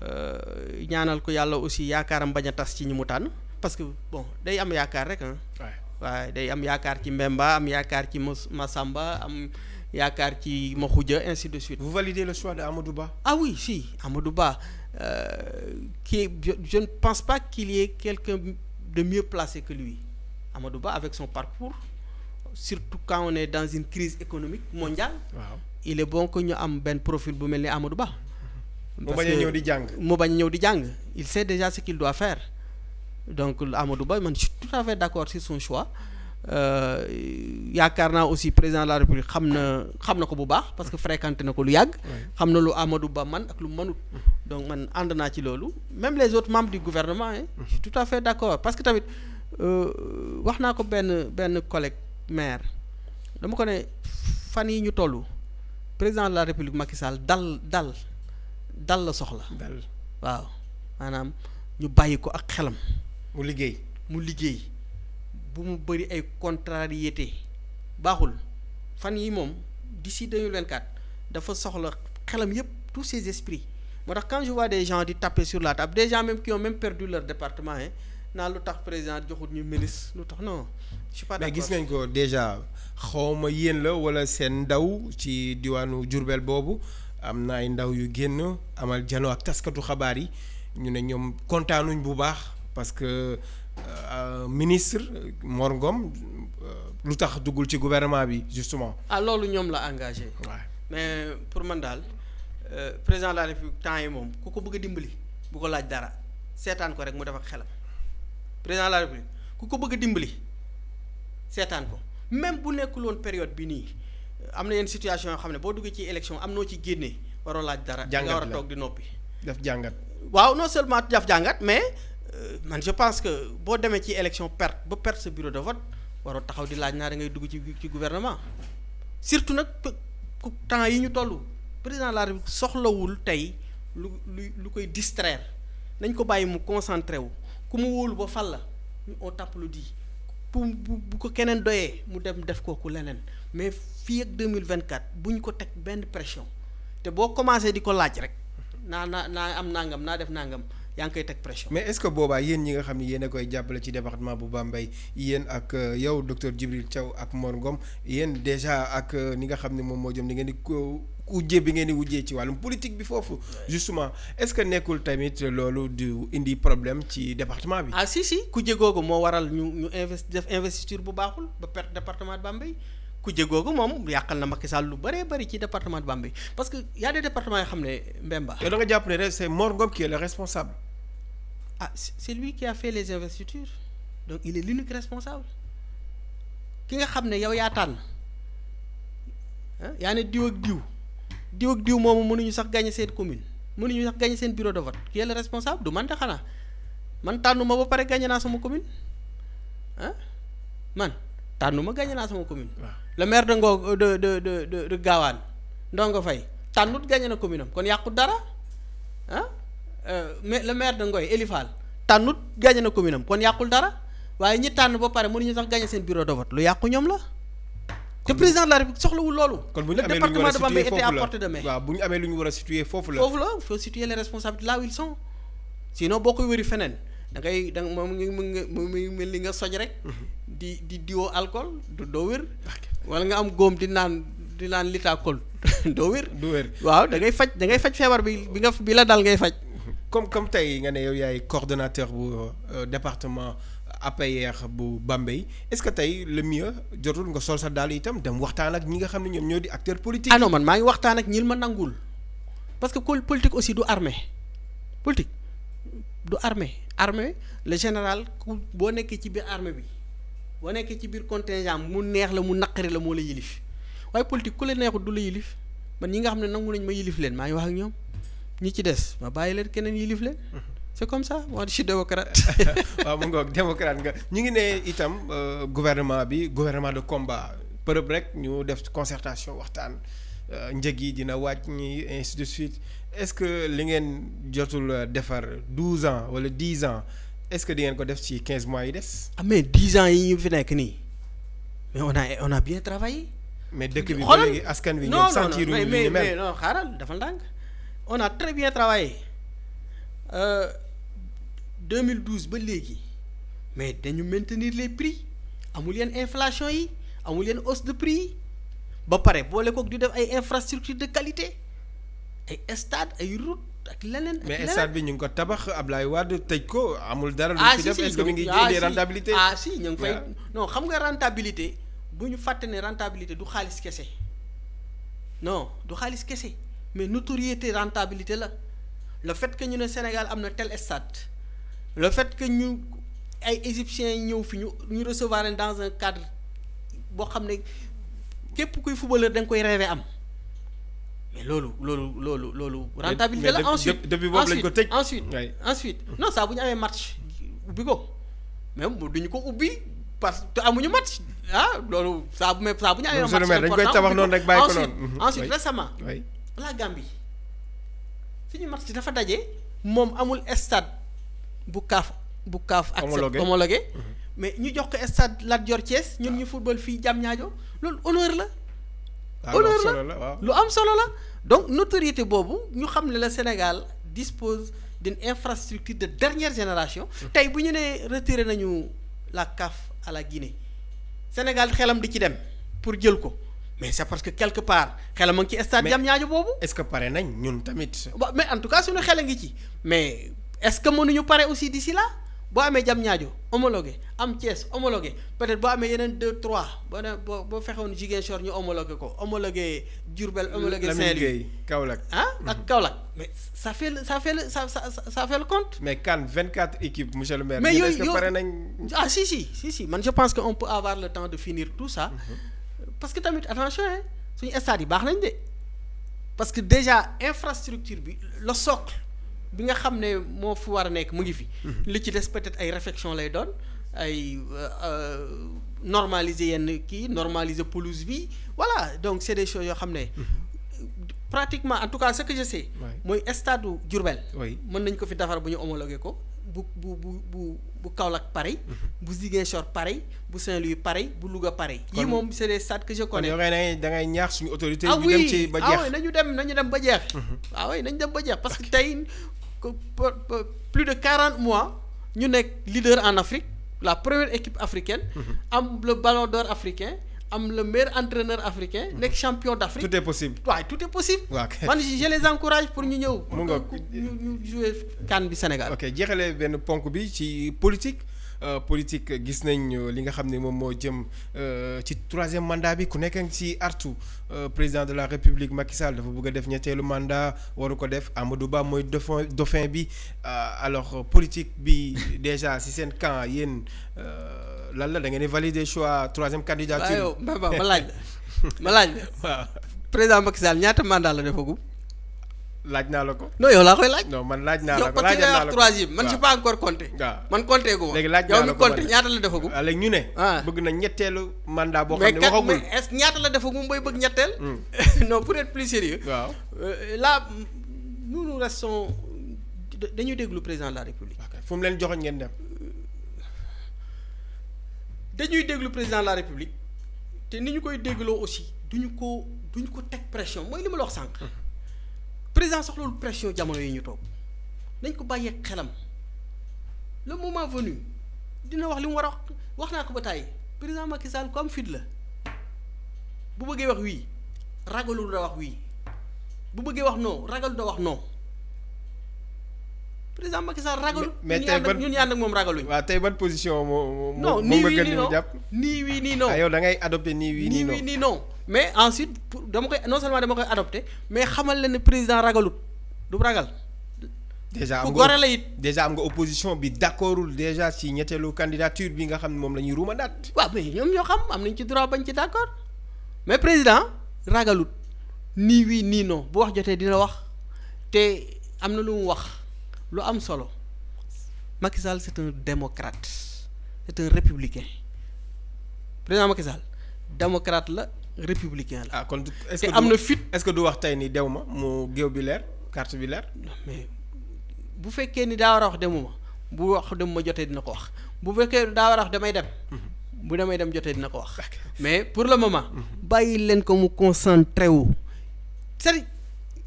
euh, ñaanal ko yàlla aussi yaakaaram bañ a tas ci ñi mu tànn parce que bon day am yaakaar rek ah. waaye day am yaakaar ci Mbemba am yaakaar ci Massamba am yaakaar ci Makhoudia ainsi de suite. vous le choix de Amadou Ba. ah oui si Amadou Ba kii euh, je ne pense pas qu'il y ait quelqu'un de que lui Amadou Ba avec son parcours. surtout quand on est dans une crise économique mondiale. waaw il est bon que ñu am benn profil bu mel ni Amadou Ba. mu bañ di jàng mu bañ ñëw di jàng il sait déjà ce qu'il doit faire donc Amadou Ba man je suis tout à fait d'accord sur son choix euh, yaakaar naa aussi président de la République xam na xam na ko bu baax parce que fréquenté na ko lu yàgg. xam na lu Amadou Ba man ak lu manut donc man ànd naa ci loolu même les autres membres du gouvernement hein. tout à fait d'accord parce que tamit euh, wax naa ko benn benn collègue. maire dama ko ne fan yi ñu toll président de la république Macky Sall dal dal dal la soxla. dal waaw maanaam ñu bàyyi ko ak xelam. mu liggéey mu liggéey bu mu bëri ay contrariété baaxul fan yi moom d'ici deux mille vingt dafa soxla xelam yépp tous ces esprits moo tax quand je vois des gens di taper sur la table des gens même qui ont perdu leur département hein. naan lu tax président joxut ñu ministre lu tax na je suis pas d'accord gis nañ ko déjà xawma yéen la wala seen ndaw ci diwaanu Jurbel boobu am na ay ndaw yu génn amal jano ak taskatu xabaar yi ñu ne ñoom kontaanuñ bu baax parce que euh, ministre Mor Ngom euh, lu tax duggul ci gouvernement bi justement. ah loolu ñoom la engagé. Ouais. mais pour man daal euh, président de la République temps yi moom ku ko bëgg a dimbali bu ko laaj dara seetaan ko rek mu def ak xelam. président la république ku ko bëgg a dimbali seetaan ko même bu nekkul woon période bi nii am na yenn situation yoo xam ne boo duggee ci élection am noo ci génnee waroo laaj dara. jàngat nga war toog di noppi. daf jàngat. waaw non seulement daf jàngat mais euh, man je pense que boo demee ci élection perte ba perte sa bureau de vote waroo taxaw di laaj naa da ngay dugg ci ci gouvernement surtout nag temps yi ñu toll président de la république soxlawul tey lu lu lu koy distraire nañ ko bàyyi mu concentré wu. ku mu wóolu ba fal la on t'applaudit pour bu bu ko keneen doyee mu dem def kooku leneen mais fii ak deux mille vingt quatre bu ñu ko teg benn pression te boo commencé di ko laaj rek naa naa naa am nangam naa def nangam. yaa ngi koy teg pression. mais est-ce que boobaa yéen ñi nga xam ne yéen koy jàppale ci département bu Bambey yéen ak euh, yow docteur Djibril Thiaw ak Mor Ngom yéen déjà ak ni euh, nga xam ne moom moo jëm ni ngeen di ko wujjee bi ngeen di wujjee ci wàllum politique bi foofu. justement est-ce que nekkul tamit loolu du indi problème ci département bi. ah si ku ku ko moo waral ñu ñu def investiture bu baaxul ba perte département de Bambey. kuje googu moom yàqal na ki saal lu bëree bëri ci département de Bambey parce que y a des départements xam ne Mbemba. yow da nga jàpp ne c'est Mor Ngom qui est le responsable. ah c'est lui qui a les investitures donc il est l'unique responsable ki nga xam ne yow yaa tànn yaa ne diw ak diw diw ak diw moomu mënuñu sax gagner seen commune mënuñu sax gagner seen bureau de vote qui est le responsable du man de xanaa man tànnu ma ba pare gagner naa sama commune ah ma gagné naa sama commune. le maire de Ngo de de de de de Gawane Ndongo Faye tànnut gagné na commune kon yàqut dara ah euh, le maire de Ngoy Elifal tànnut na commune kon yàqul dara waaye ñi tànn ba pare ñu tax gagné seen bureau de vote lu yàqu ñoom la. te président de la république soxlawul loolu. kon bu ñu amee lu ñu a la département de Bambey était de main. waaw bu ñu amee lu ñu war a situé foofu la. foofu la faut situer les responsables là où ils sont sinon boo koy wëri feneen da ngay da nga moom mu ngi mu ngi mel ni nga soj rek. Mhm. di di diwoo alcool doo wér wala nga am góom di naan di naan litaakool doo wér du wér waaw da ngay faj dangay faj feebar bi bi nga bi la dal ngay faj comme comme tey nga ne yow yaay coordonnateur bu euh, département APR bu Bambey est-ce que tey le mieux jotul nga sol sa daal itam dem waxtaan ak ñi nga xam ne ñoom ñoo di acteur politique ah man maa ngi waxtaan ak ñil ma nangul parce que politique aussi du armée politique du armée armée le général ku boo nekkee ci biir armée bi boo nekkee ci biir contingent mu neex la mu naqari la moo la yilif waaye politique ku la neexut du la yilif man ñi nga xam ne nangu nañ ma yilif leen maa ngi wax ak ñoom ñi ci des ma bàyyi leen keneen yilif leen mhm. c'est comme ça moi je suis démocrate waaw mu ngoog démocrate nga ñu ngi ne itam euh, gouvernement bi gouvernement de combat përëb rek ñu def concertation waxtaan euh, njëg yi dina wàcc ñi ainsi suite est-ce que li ngeen jotul euh, defar douze ans wala dix ans est-ce que di ngeen ko def ci quinze mois yi des. am ah, mais dix ans yi ñu fi nekk nii mais on a on a bien travaillé. mais dëkk bi ba léegi askan wi ñoom sentir mais mais mais non xaaral dafa ndànk on a très bien travaillé euh, deux mille douze ba léegi mais dañu maintenir les prix amul yenn inflation yi amul yenn hausse de prix yi ba pare boole kook di def ay infrastructures de qualité ay stade ay route ak leneen ak leneen mais stade bi ñu ngi ko tabax Ablaye Wade tej ko amul dara. ah si si est-ce que mi ngi génnee ah, rentabilité ah si ñu ngi fay non xam nga rentabilité bu ñu fàtte ne rentabilité du xaalis kese non du xaalis kese mais notoriété rentabilité la le fait que ñu ne Sénégal am na tel stade le fait que ñu ay égyptiens ñëw fi ñu ñu recevoir dans un cadre boo xam ne képp kuy footballeur da nga koy rêver am. mais loolu loolu loolu loolu rentabilité la ensuite depuis boobu lañ ko tëj ensuite ensuite non saa bu ñu amee match ubbi ko même duñu ko ubbi parce que amuñu match ah loolu saa bu mais saa bu ñu amee match dañ koy tabax noonu rek bàyyi ko noonu mhm. ensuite récemment la Gambie suñu match dafa daje moom amul stade bu kaaf bu kaaf ak homologué mhm. mais ñu jox ko stade Lat Dior Thiès ñun ah. ñu football fii ñaajo loolu honneur la Ah, honneur la lu am solo la donc notoriété boobu ñu xam ne la Sénégal dispose d'une infrastructure de dernière génération mm. tey bu ñu nee retiré nañu la CAF à la Guinée Sénégal xelam di ci dem pour jël ko mais c'est parce que quelque part xelam a ngi ci stade ñaajo boobu est-ce que pare nañ ñun tamit mais en tout cas suñu xel a ngi ci mais est-ce que ñu pare aussi di si la boo amee jam ñaajo homologué am Thiès homologué peut-être boo amee yeneen deux trois boo dem boo boo fexewoon Ziguinchor ñu homologué ko homologué Diourbel homologué Saint-Louis Kaolack ah ak mhm. Kaolack mais ça fait le ça fait le ça ça ça mais kan vingt quatre équipes monsieur le maire mais yooyu est ah, si man je pense que on peut avoir le temps de finir tout ça mhm. parce que tamit attention hein suñu stade yi baax nañ de parce que déjà infrastructure bi la socle bi nga xam ne moo fi war a nekk mu ngi fi. Mhm. li ci des peut-être ay réflexion lay doon ay euh, euh, normaliser yenn kii normaliser pelouse bi voilà donc c'est des choses yoo xam ne. Mhm. pratiquement en tout cas ce que je mooy stade du Diourbel. mën nañ ko fi defar bu ñu homologué ko. bu bu bu bu bu Kaolack pareil. Mhm. bu Ziguinchor pareil bu Saint-Louis pareil bu Louga pareil. yi moom c'est des stades que je connais. kon da ngay ñaax suñu autorité. Ah ñu dem ci ba ah jeex ah oui nañu dem nañu dem ba jeex. Ah tey plus de quarante mois ñu nekk leader en Afrique la première équipe africaine. Mhm. am le ballon d'or africain. am le meilleur entraîneur africain. Mhm. nekk champion d'Afrique tout est possible. waaw tout est possible. man je les encourage pour ñu ñëw. mu nga ñu ñu jouer CAN bi Sénégal. ok jeexale benn ponk bi ci politique. Euh, politique euh, gis nañ euh, li nga xam ne moom moo jëm ci troisième mandat bi ku nekk ngi ci artu président de la république Macky Sall dafa bëgg a def ñetteelu mandat waru ko def Amadou Ba mooy dauphin dauphin bi alors politique bi déjà si seen camp yéen lan la da ngeen di valider choix troisième candidature. waaw ma laaj ma laaj. waaw président Macky ñaata mandat la defagum. laaj naa la ko. non yow laa koy laaj. non man laaj naa la ko laaj naa la ko yow parce que troisième man je pas encore compté. waaw man compté gu ma. léegi laaj naa la ko yow mi compté ñaata la defagu. waaw ah, léegi ñu ne. Ah. bëgg na ñetteelu mandat boo xam ne waxagul mais kat mais est ñaata la defagu mu bay bëgg ñetteel. Hmm. non pour être plus sérieux waaw euh, là nous nous restons dañuy déglu président de la république. fu mu leen joxoñ ngeen dem. Euh, dañuy déglu président de la république te ni ñu koy dégloo aussi duñu ko duñu ko teg pression mooy li ma la wax sànq. Hmm. président soxlawul pression jamono yi ñu toog nañ ko bàyyee xelam le moment venu dina wax li mu war a wax naa ko ba tàyyi président Macky Sall ko am fit la bu bëggee wax wii ragalul da wax wii bu bëggee wax non ragal da wax non président Macky Sall ragalul. mais tey ban ñun ñaan ak moom ragaluñ. waa tey ban position moo moo. non nii wii nii non nii wii nii non ah yow da ngay adopté nii wii nii non nii wii mais ensuite pour dama koy non seulement dama koy adopté mais xamal leen ne président ragalut du ragal. déjà am it déjà am nga opposition bi d'accordul déjà ci ñetteelu candidature bi nga xam ne moom la ñuy ruuma daat waaw yi ñoom ñoo xam am nañ ci droit bañ ci d'accord mais président ragalut nii wii nii non bu wax jotee dina wax te am na lu mu wax lu am solo Macky Sall c'est un démocrate c'est un républicain président Macky Sall démocrate la. républicain la. ah kon est am na fit est-ce que du wax tey ni dew ma mu géew bi leer carte bi leer. bu fekkee ni daa war a wax bu wax dem ma jotee dina ko wax bu fekkee daa wax damay dem. Mhm. bu damay dem jotee dina ko wax. mais pour le moment. Mhm. bàyyi leen ko mu concentré wu. c'est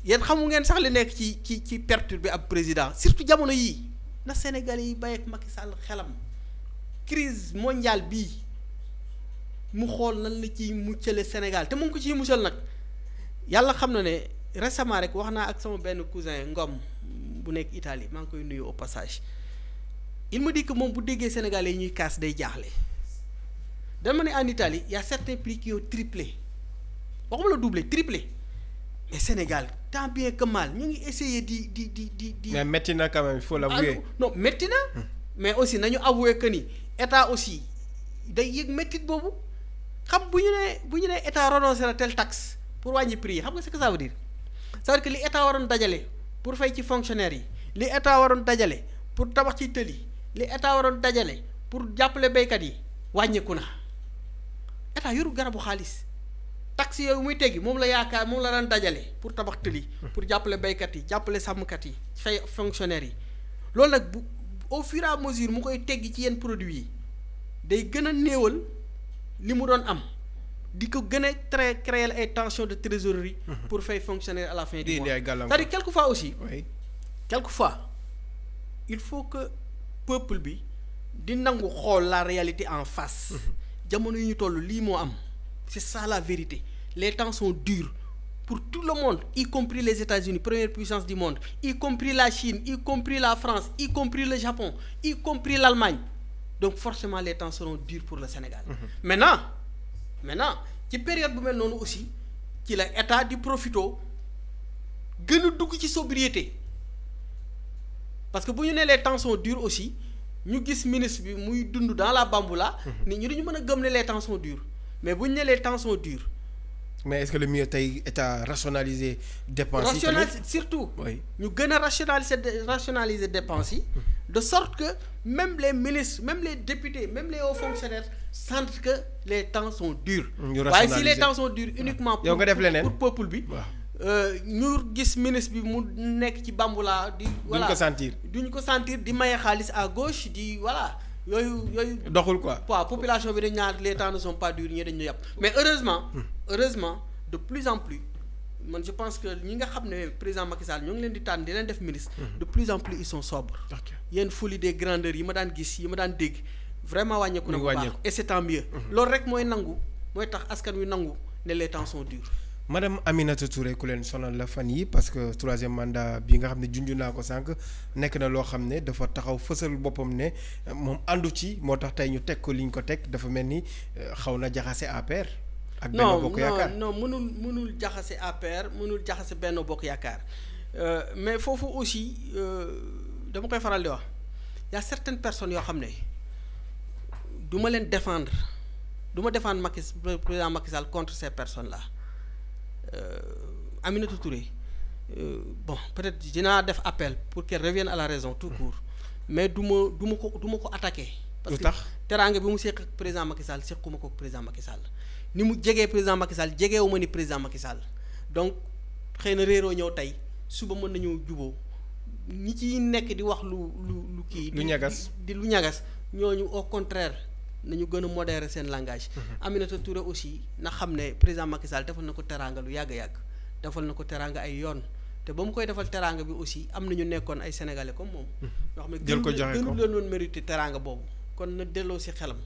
yéen xamu ngeen sax li nekk ci ci perture bi ab président surtout jamono yii na sénégal yi bàyyi ak Macky Sall xelam crise mondiale bii. mu xool lan la ciy muccale Sénégal te mu ko ci muccal nag yàlla xam na ne récemment rek wax naa ak sama benn cousin Ngom bu nekk Italie maa ngi koy nuyu au passage il me dit que moom bu déggee Sénégalais yi ñuy kaas day jaaxle dama ne en y a certains prix qui ont triplé waxuma la doublé tant bien que ñu ngi essayer di di di di di. mais na quand même il faut l'avouer ah non na. Hmm. mais aussi nañu avouer que ni état aussi day yëg méttit boobu. xam bu ñu nee bu ñu nee état renoncé na tel pour wàññi prix yi xam nga ce que ça veut dire li état waroon dajale pour fay ci fonctionnaire yi li état waroon dajale pour tabax ci tëli li état waroon dajale pour jàppale baykat yi wàññeeku na état yoru garabu xaalis taxe yooyu muy teggi moom la yaakaar moom la daan dajale pour tabax tëli pour jàppale béykat yi jàppale sàmmkat yi fay fonctionnaire yi loolu nag bu au fur mu koy teggi ci yenn produits yi day gën a néewal. li mu doon am di ko gën a très créer ay tension de trésorerie mhm. pour fay fonctionner à la fin du mois c'est-à-dire quelquefois aussi fois il faut que peuple bi di nangu xool la réalité en face mhm. jamono yu ñu toll lii moo am c'est ça la vérité les temps sont durs pour tout le monde y compris les États-Unis première puissance du monde y compris la Chine y compris la France y compris le Japon y compris l'Allemagne donc forcement les temps seront pour le Sénégal. Mmh. maintenant maintenant ci période bu mel noonu aussi ci la état di profito gën a dugg ci sobriété parce que bu ñu nee les dure aussi ñu gis ministre bi muy dund dans la bamboula. Mm-hmm. nit ñi dañu mën a gëm ne les temps sont mais bu ñu nee les temps sont mais est-ce que le tey état rationaliser dépenses yi rationaliser surtout ñu gën a rationaliser rationaliser dépenses yi de sorte que même les ministres même les député même les hauts fonctionnaires sentent que les temps sont durs waaye si les temps sont durs yow nga def leneen pour peuple bi euh, ñu gis ministre bi mu nekk ci bambulaa di voilà duñ ko sentir duñ ko sentir di maye xaalis à gauche di voilà yooyu yooyu. doxul quoi waaw population bi dañ naan les temps ne sont pas durs ñii dañ ñu yàpp mais heureusement. heureusement de plus en plus man je pense que ñi nga xam ne président Macky Sall ñoo ngi leen di tànn di leen def ministre. Mm-hmm. de plus en plus ils sont sobres. yenn folie des grandeurs yi ma daan gis yi ma daan dégg vraiment wàññeeku na bu baax et c'est tant mieux. Mm-hmm. loolu rek mooy nangu mooy tax askan wi nangu ne les temps sont madame Aminata Touré ku leen sonal la fan yi parce que troisième mandat bi nga xam ne junj naa ko sànq nekk na loo xam ne dafa taxaw fësal boppam ne moom àndu ci moo tax tey ñu teg ko li ñu ko teg dafa mel ni euh, xaw na jaxase APR. ak benn bokk yaakaar non mënul mënul jaxase APR mënul jaxase benn bokk yaakaar euh, mais foofu aussi euh, dama koy faral di wax y a personne yoo xam ne duma leen defendre du ma défendre Macky président Macky contre ces personne la Euh, Aminata Touré euh, bon peut-être dinaa def appel pour qu'elle revienne à la raison tout court mais du ma du ma ko du ma ko attaqué. parce que teraanga bi mu seq président Macky Sall sequma ko président Macky Sall ni mu jegee président Macky Sall ni président Macky donc xëy na réeroo ñëw tey suba mën nañu juboo ñi ci nekk di wax lu lu lu kii. lu ñagas di lu ñagas ñooñu au contraire. nañu gën a modérer seen langage. Mhm. Aminata Touré aussi na xam ne président Macky Sall defal na ko teraanga lu yàgg yàgg defal na ko teraanga ay yoon te ba mu koy defal teraanga bi aussi am na ñu nekkoon ay sénégalais comme moom. Mhm. jël ko joxe ko ñoo xam ne gënu leen woon mérité teraanga boobu kon na delloo si xelam.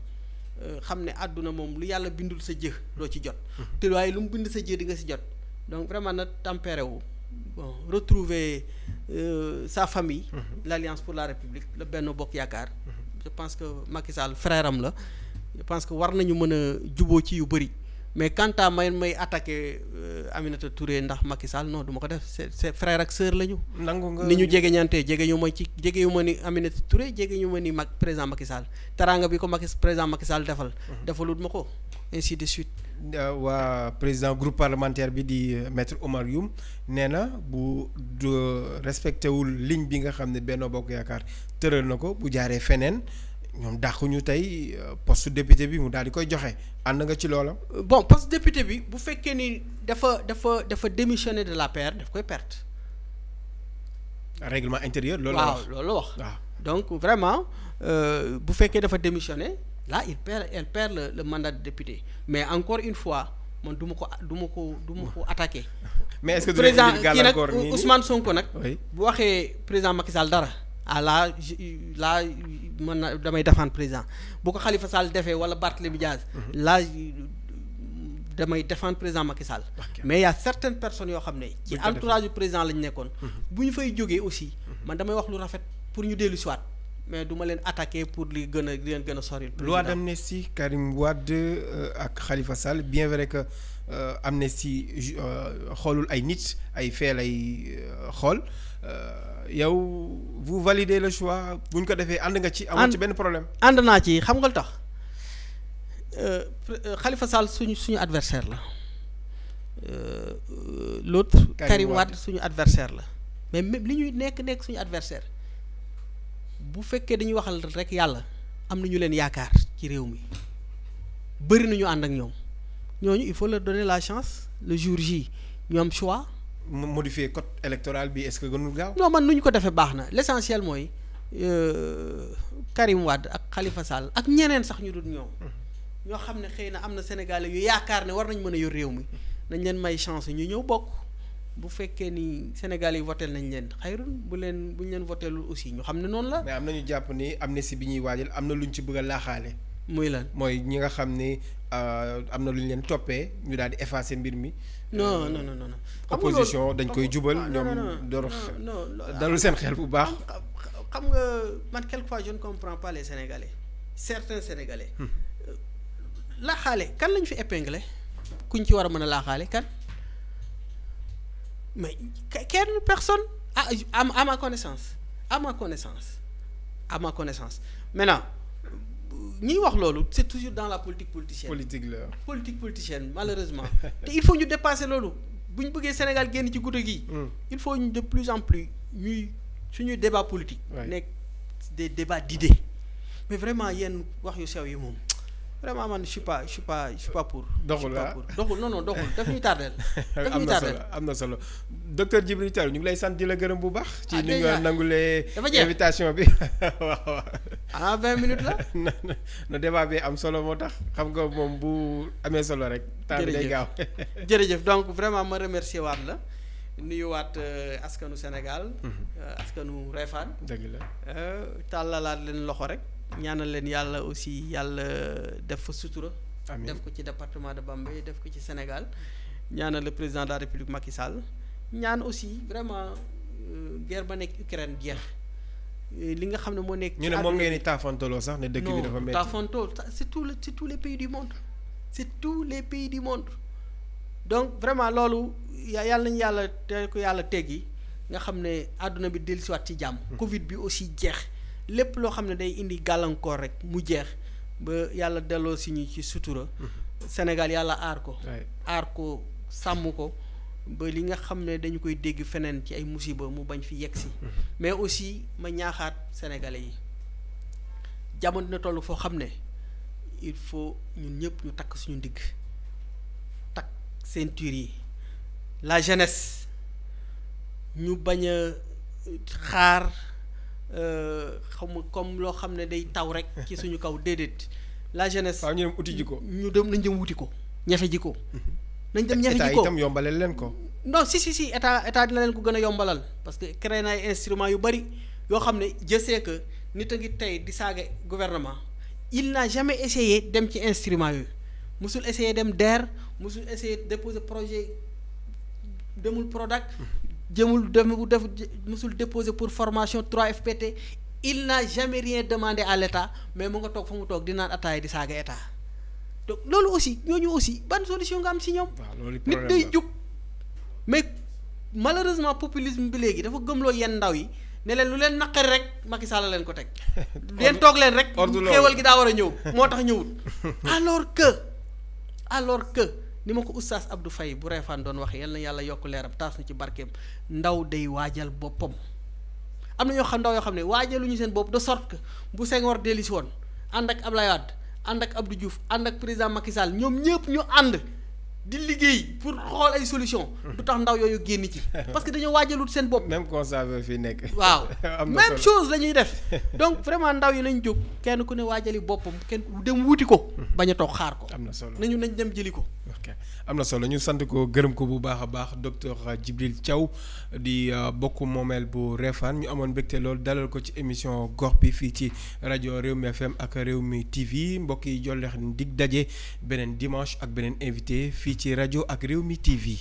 Euh, xam ne àdduna moom lu yàlla bindul sa jë doo ci jot mhm. te waaye lu mu bind sa jë di nga si jot donc man na tempéré wu bon retrouver euh, sa famille l'Alliance pour la République la Benno Bokk Yaakaar je pense que Macky Sall frère am la je que war nañu mën a juboo ci yu bëri mais quant may may attaqué euh, Aminata Touré ndax Macky Sall non du ma ko def c'est c'est frère ak sœur la ñu. nangu nga ni ñu jege ñante jege ñu ma ci jege ñu ma ni Aminata Touré jege ñu ma ni Mac président Macky Sall teraanga bi ko makis président Macky Sall defal. Mhm. defalut ma ko ainsi de suite. waa président groupe parlementaire bi di euh, maître Omar Youm nee na bu euh, respecté wul ligne bi nga xam ne Benno Bokk Yaakaar tëral na ko bu jaaree feneen. ñoom dàquñu tey euh, post député bi mu daal di koy joxe ànd nga ci loola. Euh, bon poste député bi bu fekkee ni dafa dafa dafa démissionné de l'APR daf koy perte. règlement intérieur. loolu la wax waaw donc vraiment euh, bu fekkee dafa démissionné là il perd elle perd le, le mandat de député mais encore une fois man duma ma ko du ma ko du ma ko attaqué. mais est-ce que président kii nag Ousmane Sonko nag. bu waxee président Macky dara. ah là là mën na damay défendre président bu ko xalifa Sall defee wala Barthélémy Diaz mhm. là damay défendre président Macky Sall mais y a certaines personnes yoo xam ne ci entourage du président lañ nekkoon mhm. bu ñu fay jógee aussi mhm. man damay wax lu rafet pour ñu dellu siwaat mais duma leen attaquer pour li gën a li leen gën a soril. loi d'amnistie Karim Wade euh, ak xalifa Sall bien vrai que euh, amnistie euh, xoolul ay nit ay fee lay xool yow vous validez le choix bu ñu ko defee ànd nga ci. amul ci benn problème ànd naa ci xam nga lu tax xalifa Sall suñu suñu adversaire la l'autre Karim Wade suñu adversaire la mais même li ñuy nekk nekk suñu adversaire. bu fekkee dañuy waxal rek yàlla am na ñu leen yaakaar ci réew mi bëri nañu ànd ak ñoom ñooñu il faut leur donner la chance le jour ji ñoom am choix. modifier code électoral bi est-ce que gënul gaaw. non man nu ñu ko defee baax na l'essentiel mooy euh, Karim Wade ak Khalifa Sall ak ñeneen sax ñu dul ñoom. Mm-hmm. ñoo xam ne xëy na am na sénégalais yu yaakaar ne war nañ mën a yor réew mi mm-hmm. nañ leen may chance ñu ñëw bokk. bu fekkee ni Sénégal yi voté nañ leen xayrun bu leen bu ñu leen voté aussi ñu xam ne noonu la. mais am na ñu jàpp ni amnistie bi ñuy waajal am na lu ñu ci a laaxaale. muy lan mooy ñi nga xam ni euh, am na lu leen toppee ñu daal di effacer mbir mi. non euh, non non non. opposition dañ koy jubal ñoom. door dalul seen xel bu baax. xam nga man quelquefois je ne comprends pas les sénégalais certains sénégalais. Hmm. Euh, kan lañ fi épinglé kuñ ci war a mën a laaxaale kan. mais kenn personne ah à ma connaissance à ma connaissance à ma connaissance na ñiy wax loolu c'est toujours dans la politique politicienne. politique la politique politicienne malheureusement te il faut ñu dépasser loolu bu ñu bëggee Sénégal génn ci guddi gi. Hmm. il faut ñu de plus en plus ñuy suñuy débat politique. nekk des débats d'idées mais vraiment yenn wax yu sew yi moom. vraiment man je suis pas je pour. doxul ah doxul non non doxul daf ñuy tardeel. daf ñuy tardeel am na solo am na solo docteur ñu ngi lay sant di la gërëm bu baax. Ah, ci ni nga nangulee. bi waaw waaw. ah am solo moo tax xam nga moom bu amee solo rek. temps day gaaw jërëjëf donc vraiment ma remercier waat la. nuyuwaat euh, askanu Sénégal. Mhm. Euh, askanu Refane. Euh, tàllalaat leen loxo rek. ñaanal leen yàlla aussi yàlla def fa sutura. amiin def ko ci département de Bambey def ko ci Sénégal ñaanal le président de la République Macky Sall ñaan aussi vraiment euh, guerre ba nekk Ukraine jeex. Euh, li nga xam ne moo nekk. ñu ne moom ngeen di taafantaloo sax ne dëkk bi dafa métti. taafantoo c'est tout le c'est tous les pays du monde c'est tous les pays du monde donc vraiment loolu yàlla nañu yàlla te ko yàlla teggi nga xam ne àdduna bi dellusiwaat ci jàmm. Hmm. Covid bi aussi jeex. lépp loo xam ne day indi gàllankoor rek mu jeex ba yàlla delloo si ñu ci sutura. Mm-hmm. Sénégal yàlla aar ko. aar ko sàmm ko ba li nga xam ne dañu koy dégg feneen ci ay musiba mu bañ fi yegg si. Mm-hmm. mais aussi ma ñaaxaat sénégalais yi jamono dina toll foo xam ne il faut ñun ñëpp ñu takk suñu ndigg takk ceinture yi la jeunesse ñu bañ a xaar. Euh, xaw ma comme loo xam ne day taw rek ci suñu kaw déedéet la jeunesse. waaw ñu dem uti ji ko ñu dem nañ dem wuti ko ñafe ji ko. Mhm. nañ dem ñafe ji ko état itam yombalal leen ko. non si si si état état dina leen ko gën a yombalal parce que créé na ay instruments yu bari yoo xam ne je sais que nit a ngi tey di saaga gouvernement il n'a jamais essayé dem ci instruments yooyu musul essayé dem DER mosul essayé déposer projet demul Prodac. Mhm. jëmul dem bu def musul déposer pour formation 3FPT il n'a jamais demander à l'État mais mu nga toog fa mu toog di naan ataaya di saaga État donc loolu aussi ñooñu aussi ban solution nga am si ñoom. nit day jub mais malheureusement populisme bi léegi dafa gëmloo yenn ndaw yi ne leen lu leen naqari rek Macky Sall leen ko teg. leen toog leen rek. xéewal gi daa war a ñëw moo tax ñëwut alors que alors ni ma ko oustaz Abdou fay bu reefaan doon wax yal na yàlla yokk leeram taas na ci barkeem ndaw day waajal boppam am na ñoo xam ndaw yoo xam ne waajaluñu seen bopp de sorte que bu Senghor dellusi woon ànd ak Ablaye Wade ànd ak Abdou Diouf ànd ak président Macky Sall ñoom ñëpp ñu ànd di liggéey pour xool ay solution du tax ndaw yooyu génn ci parce que dañoo waajalut seen bopp. même constat fii nekk. waaw même chose la ñuy def donc vraiment ndaw yi nañ jóg kenn ku ne waajali boppam kenn dem wuti ko. bañ a toog xaar am na solo nañu nañ dem jëli ko. am na solo ñu sant ko gërëm ko bu baax a baax docteur Djibril caw di euh, bokk moomeel bu refaan ñu amoon mbégte lool dalal ko ci émission gox bi fii ci rajo Rewmi FM ak Rewmi TV mbokk yi jolleex dig daje beneen dimanche ak beneen invité fii ci rajo ak Rewmi TV.